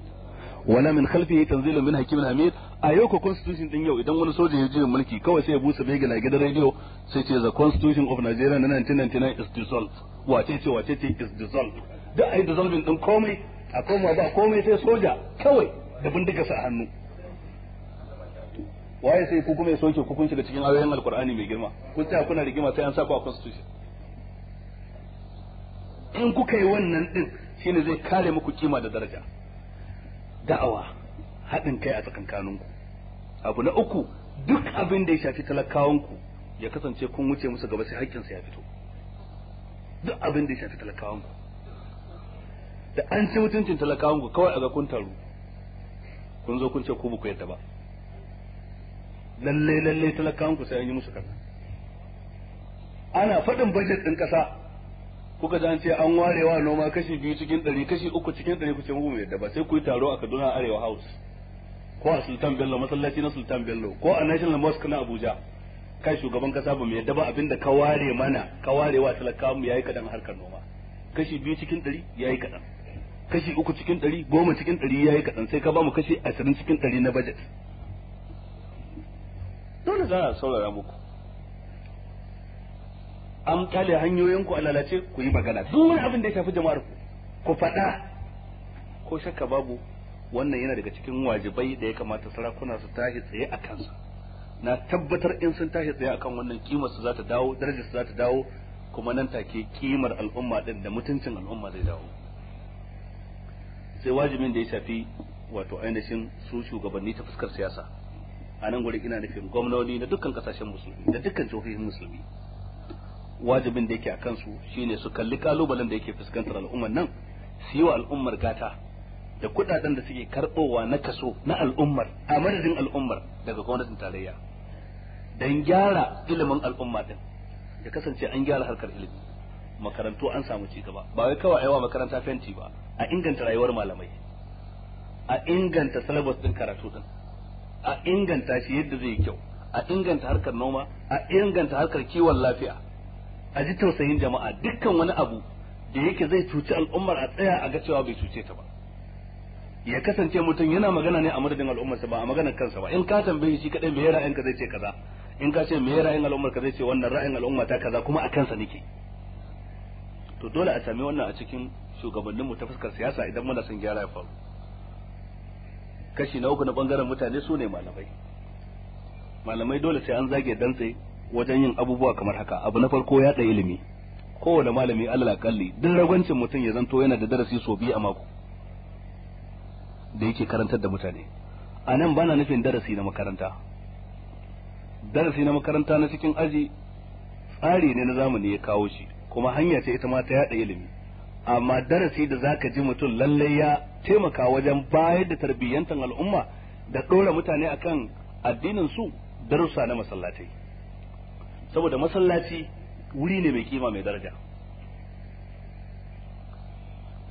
wala min khalfihi tanzilun min hakimin hamid a yau ko constitution din yau idan wani soja ya jiya mulki kawai sai ya busa bege na gidan radio sai ce the constitution of nigeria na 1999 is dissolved wace ce wace ce is dissolved da ai dissolving din komai a koma ba komai sai soja kawai da bindiga sa hannu waye sai ku kuma ya soke ku kun shiga cikin ayoyin alkur'ani mai girma kun tsaya kuna rigima sai an saba constitution in kuka yi wannan din shine zai kare muku kima da daraja da'awa haɗin kai a tsakankaninku abu na uku duk abin da ya shafi talakawanku ya kasance kun wuce musu gaba sai haƙƙinsu ya fito duk abin da ya shafi talakawanku da an ci mutuncin talakawanku kawai a ga kun taru kun zo kun ce ku ku yadda ba Lallai-lallai talakawanku sai an yi musu kaza ana faɗin bajet ɗin ƙasa kuka ji an ce an warewa noma kashi biyu cikin ɗari kashi uku cikin ɗari kuce mu yadda ba sai ku yi taro a Kaduna Arewa House ko a Sultan Bello masallaci na Sultan Bello ko a National Mosque na Abuja kai shugaban kasa ba mai yadda ba abinda ka ware mana ka warewa talakawa mu yayi kadan harkar noma kashi biyu cikin ɗari yayi kadan kashi uku cikin ɗari goma cikin ɗari yayi kadan sai ka ba mu kashi ashirin cikin ɗari na budget dole za a saurara muku an kale hanyoyin ku lalace ku yi magana duk wani abin da ya shafi jama'ar ku ku faɗa ko shakka babu wannan yana daga cikin wajibai da ya kamata sarakuna su tashi tsaye a kansa na tabbatar in sun tashi tsaye akan wannan kimar su za ta dawo darajar su za ta dawo kuma nan take kimar al'umma din da mutuncin al'umma zai dawo sai wajibin da ya shafi wato ainihin su shugabanni ta fuskar siyasa a nan gurin ina nufin gwamnoni na dukkan kasashen musulmi da dukkan jihohin musulmi wajibin da yake a kansu shine su kalli kalubalen da yake fuskantar al'ummar nan su yi wa al'ummar gata da kuɗaɗen da suke karbowa na kaso na al'ummar a madadin al'ummar daga gwamnatin tarayya dan gyara ilimin al'umma din ya kasance an gyara harkar ilimi makarantu an samu ci gaba ba wai kawai aiwa makaranta fenti ba a inganta rayuwar malamai a inganta syllabus din karatu din a inganta shi yadda zai yi kyau a inganta harkar noma a inganta harkar kiwon lafiya a ji tausayin jama'a dukkan wani abu da yake zai cuci al'ummar a tsaya a ga cewa bai cuce ta ba ya kasance mutum yana magana ne a madadin al'ummar sa ba a maganar kansa ba in ka tambaye shi kadai me ka zai ce kaza in ka ce me ra'ayin al'ummar ka zai ce wannan ra'ayin al'umma ta kaza kuma a kansa nake to dole a sami wannan a cikin shugabannin mu ta fuskar siyasa idan muna son gyara ya faru kashi na uku na bangaren mutane su ne malamai malamai dole sai an zage dantse wajen yin abubuwa kamar haka abu na farko ya da ilimi kowane malami Allah kalli duk ragwancin mutum ya zanto yana da darasi so biyu a mako da yake karantar da mutane a nan bana nufin darasi na makaranta darasi na makaranta na cikin aji tsari ne na zamani ya kawo shi kuma hanya ce ita ma ta yada ilimi amma darasi da zaka ji mutum lallai ya taimaka wajen bayar da tarbiyyantar al'umma da ɗora mutane akan addinin su darussa na masallatai saboda masallaci wuri ne mai kima mai daraja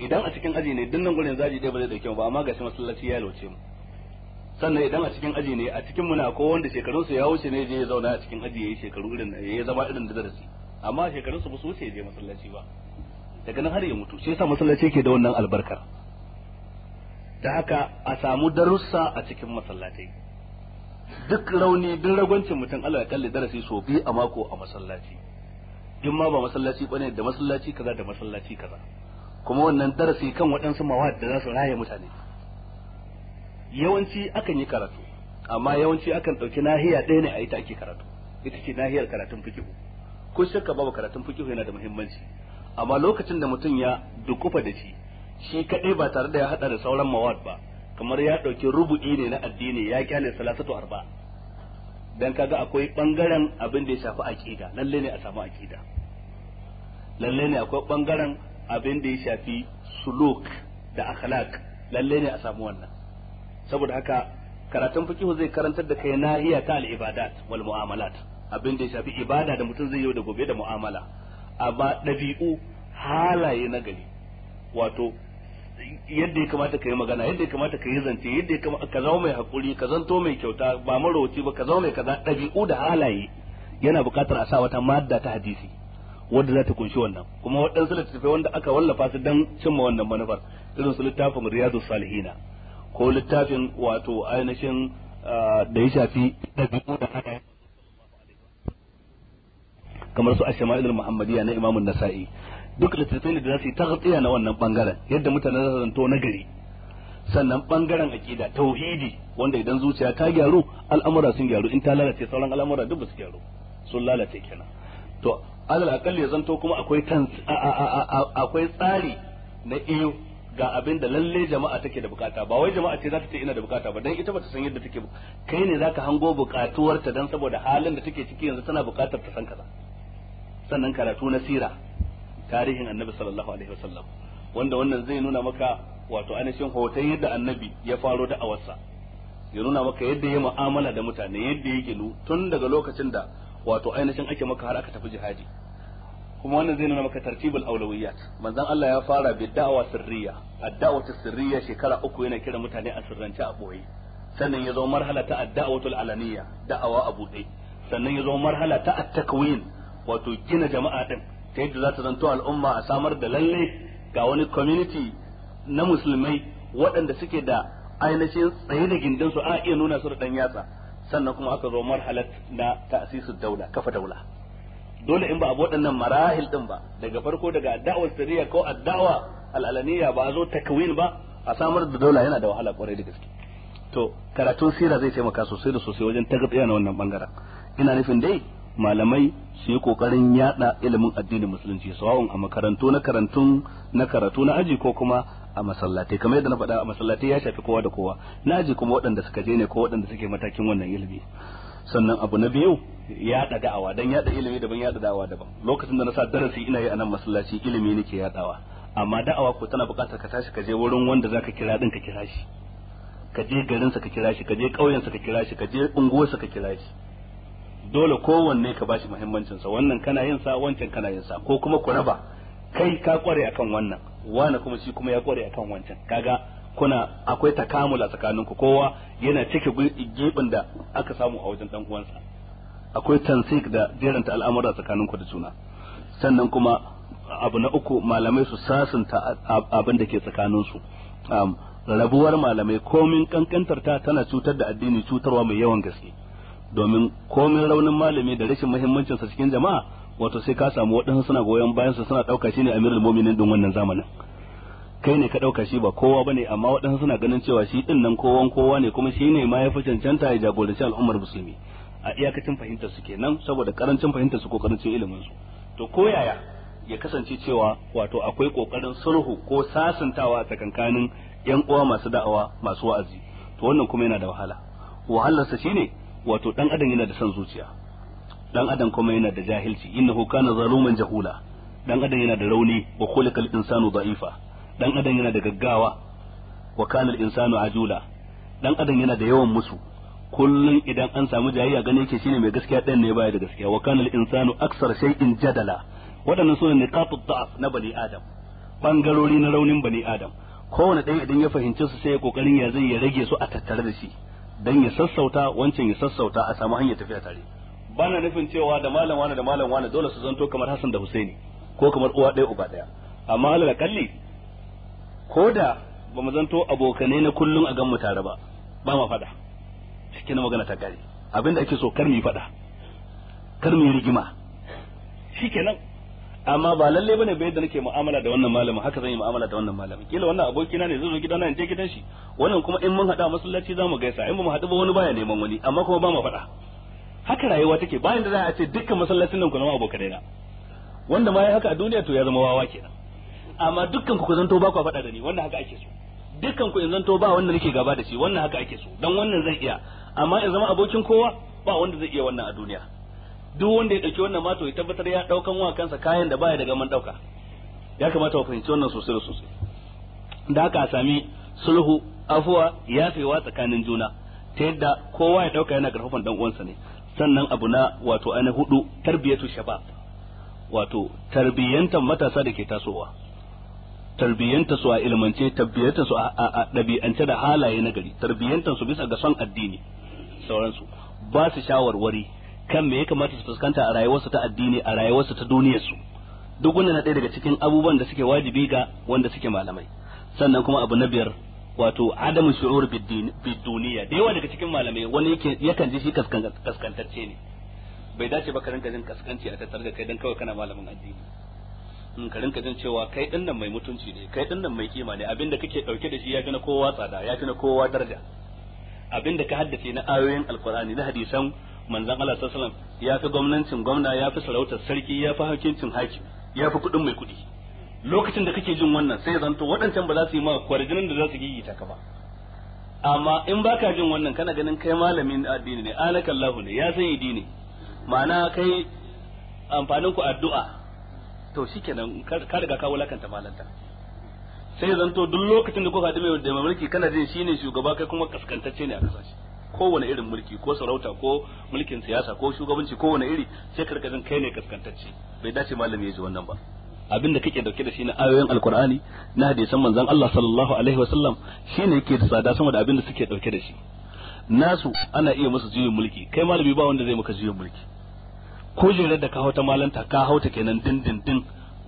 idan a cikin aji ne dinnan gurin zaji dai ba zai dauke ba amma ga shi masallaci ya lauce mu sannan idan a cikin aji ne a cikin muna ko wanda shekarun su ya wuce ne je ya zauna a cikin aji yayi shekaru irin da ya zama irin da darasi amma shekarun su ba su wuce je masallaci ba daga nan har ya mutu shi yasa masallaci yake da wannan albarkar da haka a samu darussa a cikin masallatai duk rauni duk ragwancin mutum Allah ya kalli darasi so biyu a mako a masallaci duk ma ba masallaci bane da masallaci kaza da masallaci kaza kuma wannan darasi kan waɗansu mawad da za su raye mutane yawanci akan yi karatu amma yawanci akan ɗauki nahiya ɗaya ne a ita ake karatu ita ce nahiyar karatun fikihu ko shakka babu karatun fikihu yana da muhimmanci amma lokacin da mutum ya dukufa da shi shi kaɗai ba tare da ya haɗa da sauran mawad ba kamar ya ɗauki rubu'i ne na addini ya kyane salasatu arba dan kaga akwai bangaren abin da ya shafi aqida lalle ne a samu aqida lalle ne akwai bangaren abin da ya shafi suluk da akhlaq lalle ne a samu wannan saboda haka karatun fiqh zai karantar da kai nahiya ta al-ibadat wal mu'amalat abin da ya shafi ibada da mutum zai yi da gobe da mu'amala amma dabi'u halaye na gari wato yadda ya kamata ka yi magana yadda ya kamata ka yi zance yadda ya ka zama mai hakuri ka zanto mai kyauta ba marauci ba ka zama mai kaza ɗabi'u da halaye yana buƙatar a sa wata madda ta hadisi wadda za ta kunshi wannan kuma waɗansu littattafai wanda aka wallafa su dan cimma wannan manufar irin su littafin riyadu salihina ko littafin wato ainihin ah, da ya shafi ɗabi'u da halaye kamar su ashama'il muhammadiyya na imamun nasa'i duk littattafai da za su yi taghtiya na wannan bangaren yadda mutane za su zanto nagari sannan bangaren aqida tauhidi wanda idan zuciya ta gyaru al'amura sun gyaru in ta lalace sauran al'amura duk ba su gyaru sun lalace kenan to alal akalli ya zanto kuma akwai akwai tsari na iyo ga abin da lalle jama'a take da bukata ba wai jama'a ce za ta ce ina da bukata ba dan ita ba ta san yadda take kai ne zaka hango bukatuwarta dan saboda halin da take ciki yanzu tana bukatar ta san kaza sannan karatu na sira tarihin annabi sallallahu alaihi wasallam wanda wannan zai nuna maka wato ainihin hoton yadda annabi ya faro da ya nuna maka yadda ya mu'amala da mutane yadda ya gilu tun daga lokacin da wato ainihin ake maka har aka tafi jihadi kuma wannan zai nuna maka tartibul aulawiyat manzon Allah ya fara bi da'awa sirriya ad-da'watu sirriya shekara uku yana kira mutane a sirrance a boye sannan ya zo marhala ta ad-da'watul alaniya da'awa a bude sannan ya zo marhala ta at-takwin wato gina jama'a din ta yadda za ta zanto al'umma a samar da lalle ga wani community na musulmai waɗanda suke da ainihin tsaye da gindin su a iya nuna su da ɗan yatsa sannan kuma aka zo marhalat na ta'sisu daula kafa daula dole in ba a waɗannan marahil din ba daga farko daga da'awar sirriya ko addawa al'alaniya ba a zo takwin ba a samar da daula yana da wahala kwarai da gaske to karatun sira zai taimaka sosai da sosai wajen tagatsiya na wannan bangaren ina nufin dai malamai su yi kokarin yada ilimin addinin musulunci sawa'un a makarantu na karantun na karatu na aji ko kuma a masallatai kamar yadda na faɗa a masallatai ya shafi kowa da kowa na aji kuma waɗanda suka je ne ko waɗanda suke matakin wannan ilimi sannan abu na biyu yaɗa da'awa dan yaɗa ilimi daban yaɗa da'awa daban lokacin da na sa darasi ina yi a nan masallaci ilimi nake yadawa amma da'awa ko tana buƙatar ka tashi ka je wurin wanda zaka kira din ka kira shi ka je garinsa ka kira shi ka je ƙauyensa ka kira shi ka je unguwarsa ka kira shi dole kowanne ka bashi muhimmancin sa wannan kana yin sa wancan kana yin sa ko kuma ku raba kai ka kware akan wannan wani kuma shi kuma ya kware akan wancan kaga kuna akwai takamula tsakaninku kowa yana cike gibin da aka samu a wajen dan uwansa akwai tansik da jeranta al'amura tsakaninku da juna sannan kuma abu na uku malamai su sasanta abin da ke su rabuwar malamai komin kankantar ta tana cutar da addini cutarwa mai yawan gaske domin komin raunin malami da rashin muhimmancin cikin jama'a wato sai ka samu waɗansu suna goyon bayan su suna ɗauka shi ne amirul mu'minin din wannan zamanin kai ne ka ɗauka shi ba kowa ba ne amma waɗansu suna ganin cewa shi ɗin nan kowan kowa ne kuma shi ne ma ya fi cancanta ya jagoranci al'ummar musulmi a iyakacin fahimtar su kenan saboda karancin fahimtar su ko karancin ilimin su to ko yaya ya kasance cewa wato akwai kokarin sulhu ko sasantawa a tsakankanin yan uwa masu da'awa masu wa'azi to wannan kuma yana da wahala wahalarsa shine wato dan adam yana da son zuciya dan adam kuma yana da jahilci innahu kana zaluman jahula dan adam yana da rauni wa khuliqal insanu da'ifa dan adam yana da gaggawa wa kana al insanu ajula dan adam yana da yawan musu kullun idan an samu jayayya gane yake shine mai gaskiya dan ne baya da gaskiya wa kana al insanu aksar shay'in jadala wadannan sunan niqatut da'af na bani adam bangarori na raunin bani adam kowane ɗaya idan ya fahimci su sai ya kokarin ya zai ya rage su a tattare da shi dan ya sassauta wancan ya sassauta a samu hanyar tafiya tare bana nufin cewa da malam wani da malam wani dole su zanto kamar Hassan da Husaini ko kamar uwa ɗaya uba ɗaya amma alal kalli ko da ba mu zanto abokanai na kullum a gan mu tare ba ba ma faɗa cikin magana ta kare abinda ake so kar mu yi faɗa kar mu yi rigima shikenan amma ba lalle bane bai da nake mu'amala da wannan malamin haka zan yi mu'amala da wannan malamin kila wannan abokina ne zai zo gidana in je gidan shi wannan kuma in mun hada masallaci zamu gaisa in ba mu hadu ba wani baya neman wani amma kuma ba mu faɗa haka rayuwa take bayan da za a ce dukkan masallacin nan ku na abokanai na wanda ma ya haka a duniya to ya zama wawa kenan amma dukkan ku zanto ba ku faɗa da ni wannan haka ake so dukkan ku in zanto ba wanda nake gaba da shi wannan haka ake so dan wannan zan iya amma in zama abokin kowa ba wanda zai iya wannan a duniya duk wanda ya dauki wannan mato ya tabbatar ya ɗaukan wa kansa kayan da baya daga man ɗauka ya kamata wa fahimci wannan sosai da sosai da aka sami sulhu afuwa yafewa tsakanin juna ta yadda kowa ya ɗauka yana karfafan ɗan uwansa ne sannan abu na wato ana hudu tarbiyatu shabab wato tarbiyantar matasa da ke tasowa tarbiyantar su a ilmance tarbiyantar su a ɗabi'ance da halaye na gari tarbiyantar su bisa ga son addini sauransu ba su shawarwari kan me ya kamata su fuskanta a rayuwarsu ta addini a rayuwarsu ta duniyarsu duk wannan na ɗaya daga cikin abubuwan da suke wajibi ga wanda suke malamai sannan kuma abu na biyar wato adamu shu'ur bid-duniya da yawa daga cikin malamai wani yake yakan ji shi kaskantacce ne bai dace ba ka rinka jin kaskanci a tattare da kai dan kawai kana malamin addini in ka rinka jin cewa kai din nan mai mutunci ne kai din nan mai kima ne abinda kake dauke da shi ya fi na kowa tsada ya fi na kowa daraja abinda ka haddace na ayoyin Alƙurani na hadisan manzon Allah sallallahu alaihi wasallam ya fi gwamnatin gwamna ya fi sarautar sarki ya fi hakincin haki ya fi kuɗin mai kuɗi lokacin da kake jin wannan sai zanto waɗancan ba za su yi maka kwarjinin da za su gigita ka ba amma in baka jin wannan kana ganin kai malamin addini ne alakallahu ne ya san addini ma'ana kai amfanin ku addu'a to shikenan ka riga ka wulakanta malanta sai zanto duk lokacin da kuka da mai mulki kana jin shine shugaba kai kuma kaskantacce ne a kasashe kowane irin mulki ko sarauta ko mulkin siyasa ko shugabanci kowane iri sai karka jin kai ne kaskantacce bai dace malami ya ji wannan ba abinda kake dauke da shi na ayoyin alkur'ani na hadisan manzon Allah sallallahu alaihi wasallam shine yake da tsada sama da abinda suke dauke da shi nasu ana iya musu juyin mulki kai malami ba wanda zai maka juyin mulki ko jirar da ka hauta malanta ka hauta kenan din din din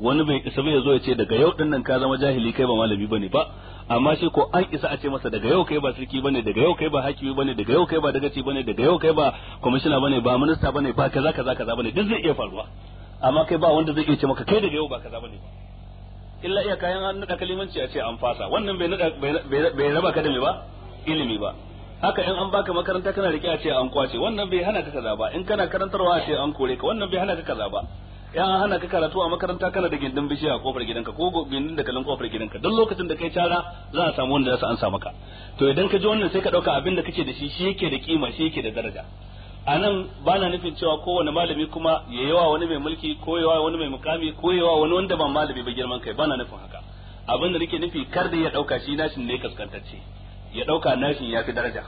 wani bai isa bai zo ya ce daga yau din nan ka zama jahili kai ba malami bane ba amma shi ko an isa a ce masa daga yau kai ba sarki bane daga yau kai ba hakimi bane daga yau kai ba dagaci bane daga yau kai ba kwamishina bane ba minista bane ba kaza kaza kaza bane duk zai iya faruwa amma kai ba wanda zai iya ce maka kai daga yau ba kaza bane illa iya kayan an nuka kalimanci a ce an fasa wannan bai nuka bai raba ka da me ba ilimi ba haka in an baka makaranta kana rike a ce an kwace wannan bai hana ka kaza ba in kana karantarwa a ce an kore ka wannan bai hana ka kaza ba ya hana ka karatu a makaranta kana da gindin bishiya a kofar gidanka ko gindin da kalin kofar gidanka don lokacin da kai cara za a samu wanda zasu ansa maka to idan ka ji wannan sai ka dauka abin da kake da shi shi yake da kima shi yake da daraja a nan ba na nufin cewa kowane malami kuma ya yawa wani mai mulki ko yawa wani mai mukami ko yawa wani wanda ba malami ba girman kai ba na nufin haka abin da nake nufi kar da ya dauka shi nashin ne kaskantacce ya dauka nashin ya fi daraja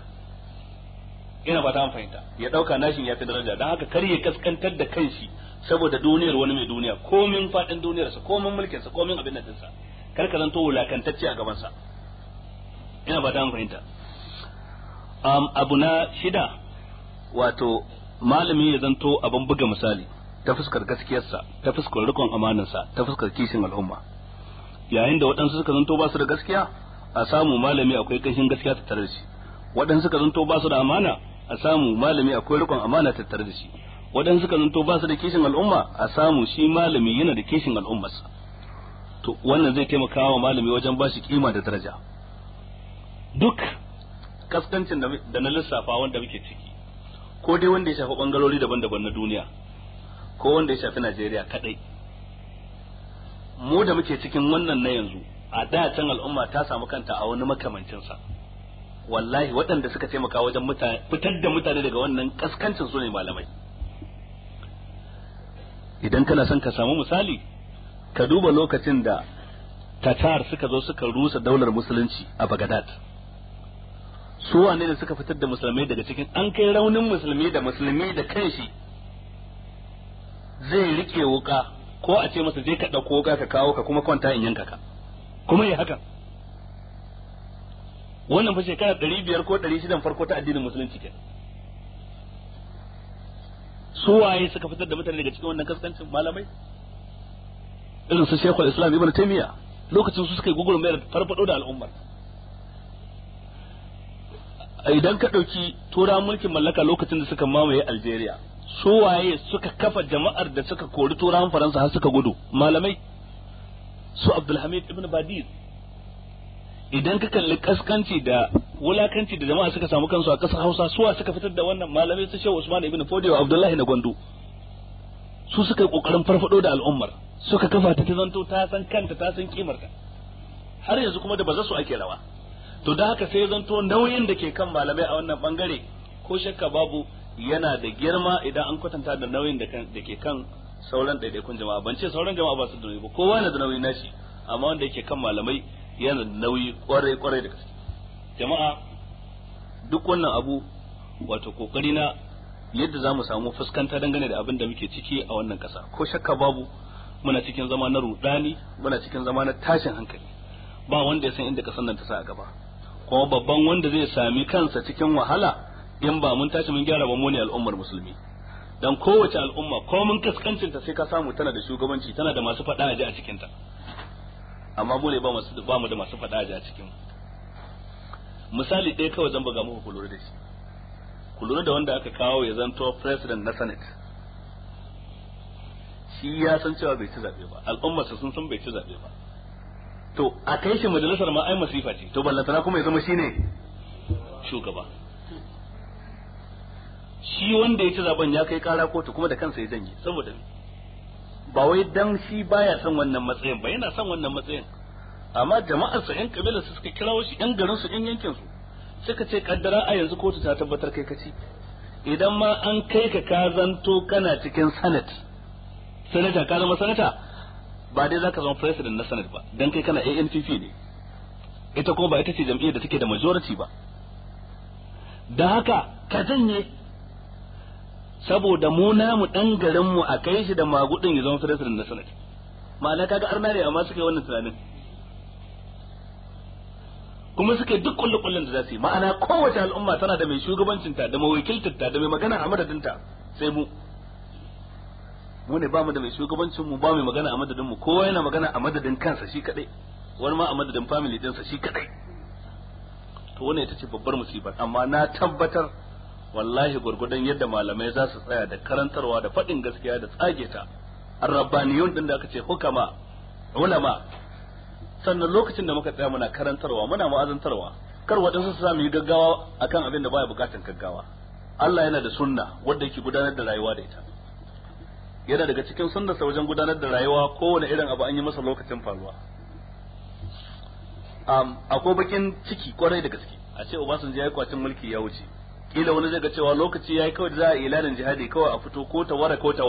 ina ba ta fahimta ya dauka nashin ya fi daraja don haka kar ya kaskantar da kanshi saboda duniyar wani mai duniya komin fadin duniyarsa komin ko komin abin da dinsa kar ka zanto wulakantacce a gaban sa ina ba dan an fahimta um, abu na shida wato malami ya zanto abin buga misali ta fuskar gaskiyarsa ta fuskar rikon amanarsa ta fuskar kishin al'umma yayin da waɗansu suka zanto ba su da gaskiya a samu malami akwai kishin gaskiya tattare da shi waɗansu suka zanto ba su da amana a samu malami akwai rikon amana tattare da shi waɗansu suka zanto ba su da kishin al'umma a samu shi malami yana da kishin al'ummarsa to wannan zai taimaka wa malami wajen ba shi kima da daraja duk kaskancin da na lissafa wanda muke ciki ko dai wanda ya shafi bangarori daban-daban na duniya ko wanda ya shafi Najeriya kadai mu da muke cikin wannan na yanzu a da can al'umma ta samu kanta a wani makamancinsa wallahi waɗanda suka taimaka wajen fitar da mutane daga wannan kaskancin su ne malamai idan kana son ka samu misali ka duba lokacin da tatar suka zo suka rusa daular musulunci a bagadad su wane ne suka fitar da musulmai daga cikin an kai raunin musulmi da musulmi da kanshi zai rike wuka ko a ce masa je ka ɗauko wuka ka kawo ka kuma kwanta in yanka ka kuma yi haka wannan fa shekara ɗari biyar ko ɗari shidan farko ta addinin musulunci kenan su waye suka fitar da mutane daga cikin wannan kaskancin malamai irin su shekul islam ibn taymiya lokacin su suka yi gugurin mai farfado da al'ummar idan ka ɗauki tura mulkin mallaka lokacin da suka mamaye algeria su waye suka kafa jama'ar da suka kori turawan faransa har suka gudu malamai su abdulhamid ibn badir idan ka kalli kaskanci da wulakanci da jama'a suka samu kansu a kasar Hausa suwa suka fitar da wannan malamai su Shehu Usman ibn Fodi wa Abdullahi na Gwandu su suka yi kokarin farfado da al'ummar suka kafa ta zanto ta san kanta ta san kimarta har yanzu kuma da ba su ake rawa to da haka sai zanto nauyin da ke kan malamai a wannan bangare ko shakka babu yana da girma idan an kwatanta da nauyin da ke kan sauran ɗaiɗaikun jama'a ban ce sauran jama'a ba su da nauyi ba kowa na da nauyi nashi amma wanda yake kan malamai yana nauyi kwarai kwarai da gaske jama'a duk wannan abu wato kokari na yadda za mu samu fuskanta dangane da abin da muke ciki a wannan kasa ko shakka babu muna cikin zama na rudani muna cikin zama na tashin hankali ba wanda ya san inda kasan nan ta sa a gaba kuma babban wanda zai sami kansa cikin wahala in ba mun tashi mun gyara ba mu ne al'ummar musulmi dan kowace al'umma ko mun kaskancinta sai ka samu tana da shugabanci tana da masu faɗa a ji a cikin ta amma mu ne ba masu ba mu da masu fada a cikin misali ɗaya kawai zan buga muku kulura da shi kulura da wanda aka kawo ya zanto president na senate shi ya san cewa bai ci zaɓe ba al'ummarsa sun san bai ci zaɓe ba to a kai shi majalisar ma ai masifa ce to ballantana kuma ya zama shine shugaba shi wanda ya ci zaben ya kai kara kotu kuma da kansa ya janye saboda me ba wai dan shi baya son wannan matsayin ba yana son wannan matsayin amma jama'ar sa yan kabilar su suka kirawo shi yan garin su yan yankin su suka ce kaddara a yanzu kotu ta tabbatar kai kaci idan ma an kai ka ka zanto kana cikin sanat sanata ka zama sanata ba dai zaka zama president na sanat ba dan kai kana ANPP ne ita kuma ba ita ce jam'iyyar da take da majority ba da haka ka janye saboda mu namu dan garin mu a kai shi da magudin ya zama firisin na sanad ma'ana kaga arna ne amma suka yi wannan tunanin kuma suka yi duk kullu kullun da zasu yi ma'ana kowace al'umma tana da mai shugabancin ta da mawakiltar ta da mai magana a madadin ta sai mu mu ne ba mu da mai shugabancin mu ba mai magana a madadin mu kowa yana magana a madadin kansa shi kadai wani ma a madadin family sa shi kadai to wannan ita ce babbar musibar amma na tabbatar wallahi gurgudan yadda malamai za su tsaya da karantarwa da faɗin gaskiya da tsage ta arrabaniyun din da aka ce hukama ulama sannan lokacin da muka tsaya muna karantarwa muna mu'azantarwa kar waɗansu su samu yi gaggawa akan abin da baya bukatan gaggawa Allah yana da sunna wanda yake gudanar da rayuwa da ita yana daga cikin sa wajen gudanar da rayuwa kowane irin abu an yi masa lokacin faruwa um, akwai bakin ciki kwarai da gaske a ce Obasanjo ya yi kwacin mulki ya wuce kila wani zai ga cewa lokaci yayi kawai da za a ilanin jihadi kawai a fito ko ta wara ko ta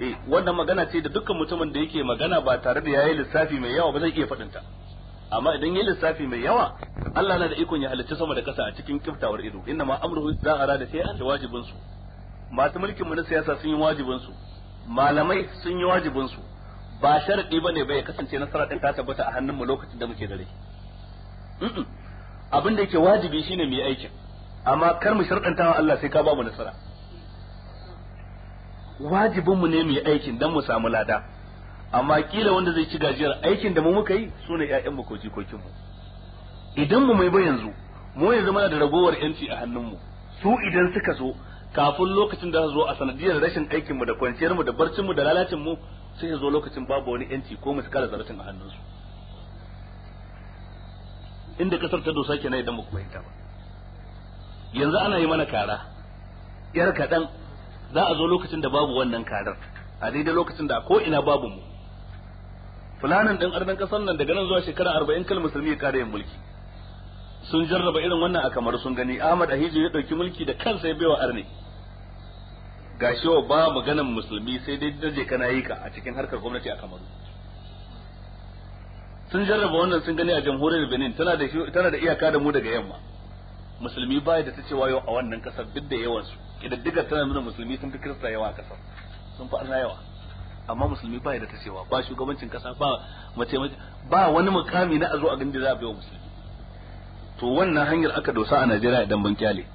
eh wannan magana ce da dukkan mutumin da yake magana ba tare da yayi lissafi mai yawa ba zai iya faɗinta. amma idan yayi lissafi mai yawa Allah na da ikon ya halicci sama da ƙasa a cikin kiftawar ido inna ma amruhu za ara da sai an wajibin su masu mulkin mu na siyasa sun yi wajibin su malamai sun yi wajibin su ba sharadi bane bai kasance nasara din ta tabbata a hannun mu lokacin da muke dare abin da yake wajibi shine mu aikin amma kar mu sharɗantawa Allah sai ka ba mu nasara wajibin mu ne mu yi aikin dan mu samu lada amma kila wanda zai ci gajiyar aikin da mu muka yi sune ƴaƴan mu ko jikokin mu idan mu mai ba yanzu mu yanzu muna da ragowar yanci a hannun mu su idan suka zo kafin lokacin da zo a sanadiyar rashin aikin mu da kwanciyar mu da barcin mu da lalacin mu sai ya zo lokacin babu wani yanci ko mu kara zarafin a hannunsu inda kasar ta dosa kenan idan mu fahimta ba yanzu ana yi mana kara yar kaɗan za a zo lokacin da babu wannan karar a daidai lokacin da ko ina babu mu fulanin ɗin arnan ƙasar nan daga nan zuwa shekara arba'in kal musulmi ya kare yin mulki sun jarraba irin wannan a kamar sun gani ahmad ahijo ya ɗauki mulki da kansa ya baiwa arne ga shi wa ba maganan musulmi sai dai daje kana yi ka a cikin harkar gwamnati a kamaru sun jarraba wannan sun gani a jamhuriyar benin tana da iyaka da mu daga yamma musulmi ba da ta cewa yau a wannan kasar duk da yawan su kididdigar tana nuna musulmi sun fi kirista yawa a kasar sun fi arna yawa amma musulmi ba da ta cewa ba shugabancin kasa ba mace mace ba wani mukami na a zo a gindi za a bai wa musulmi to wannan hanyar aka dosa a Najeriya idan ban kyale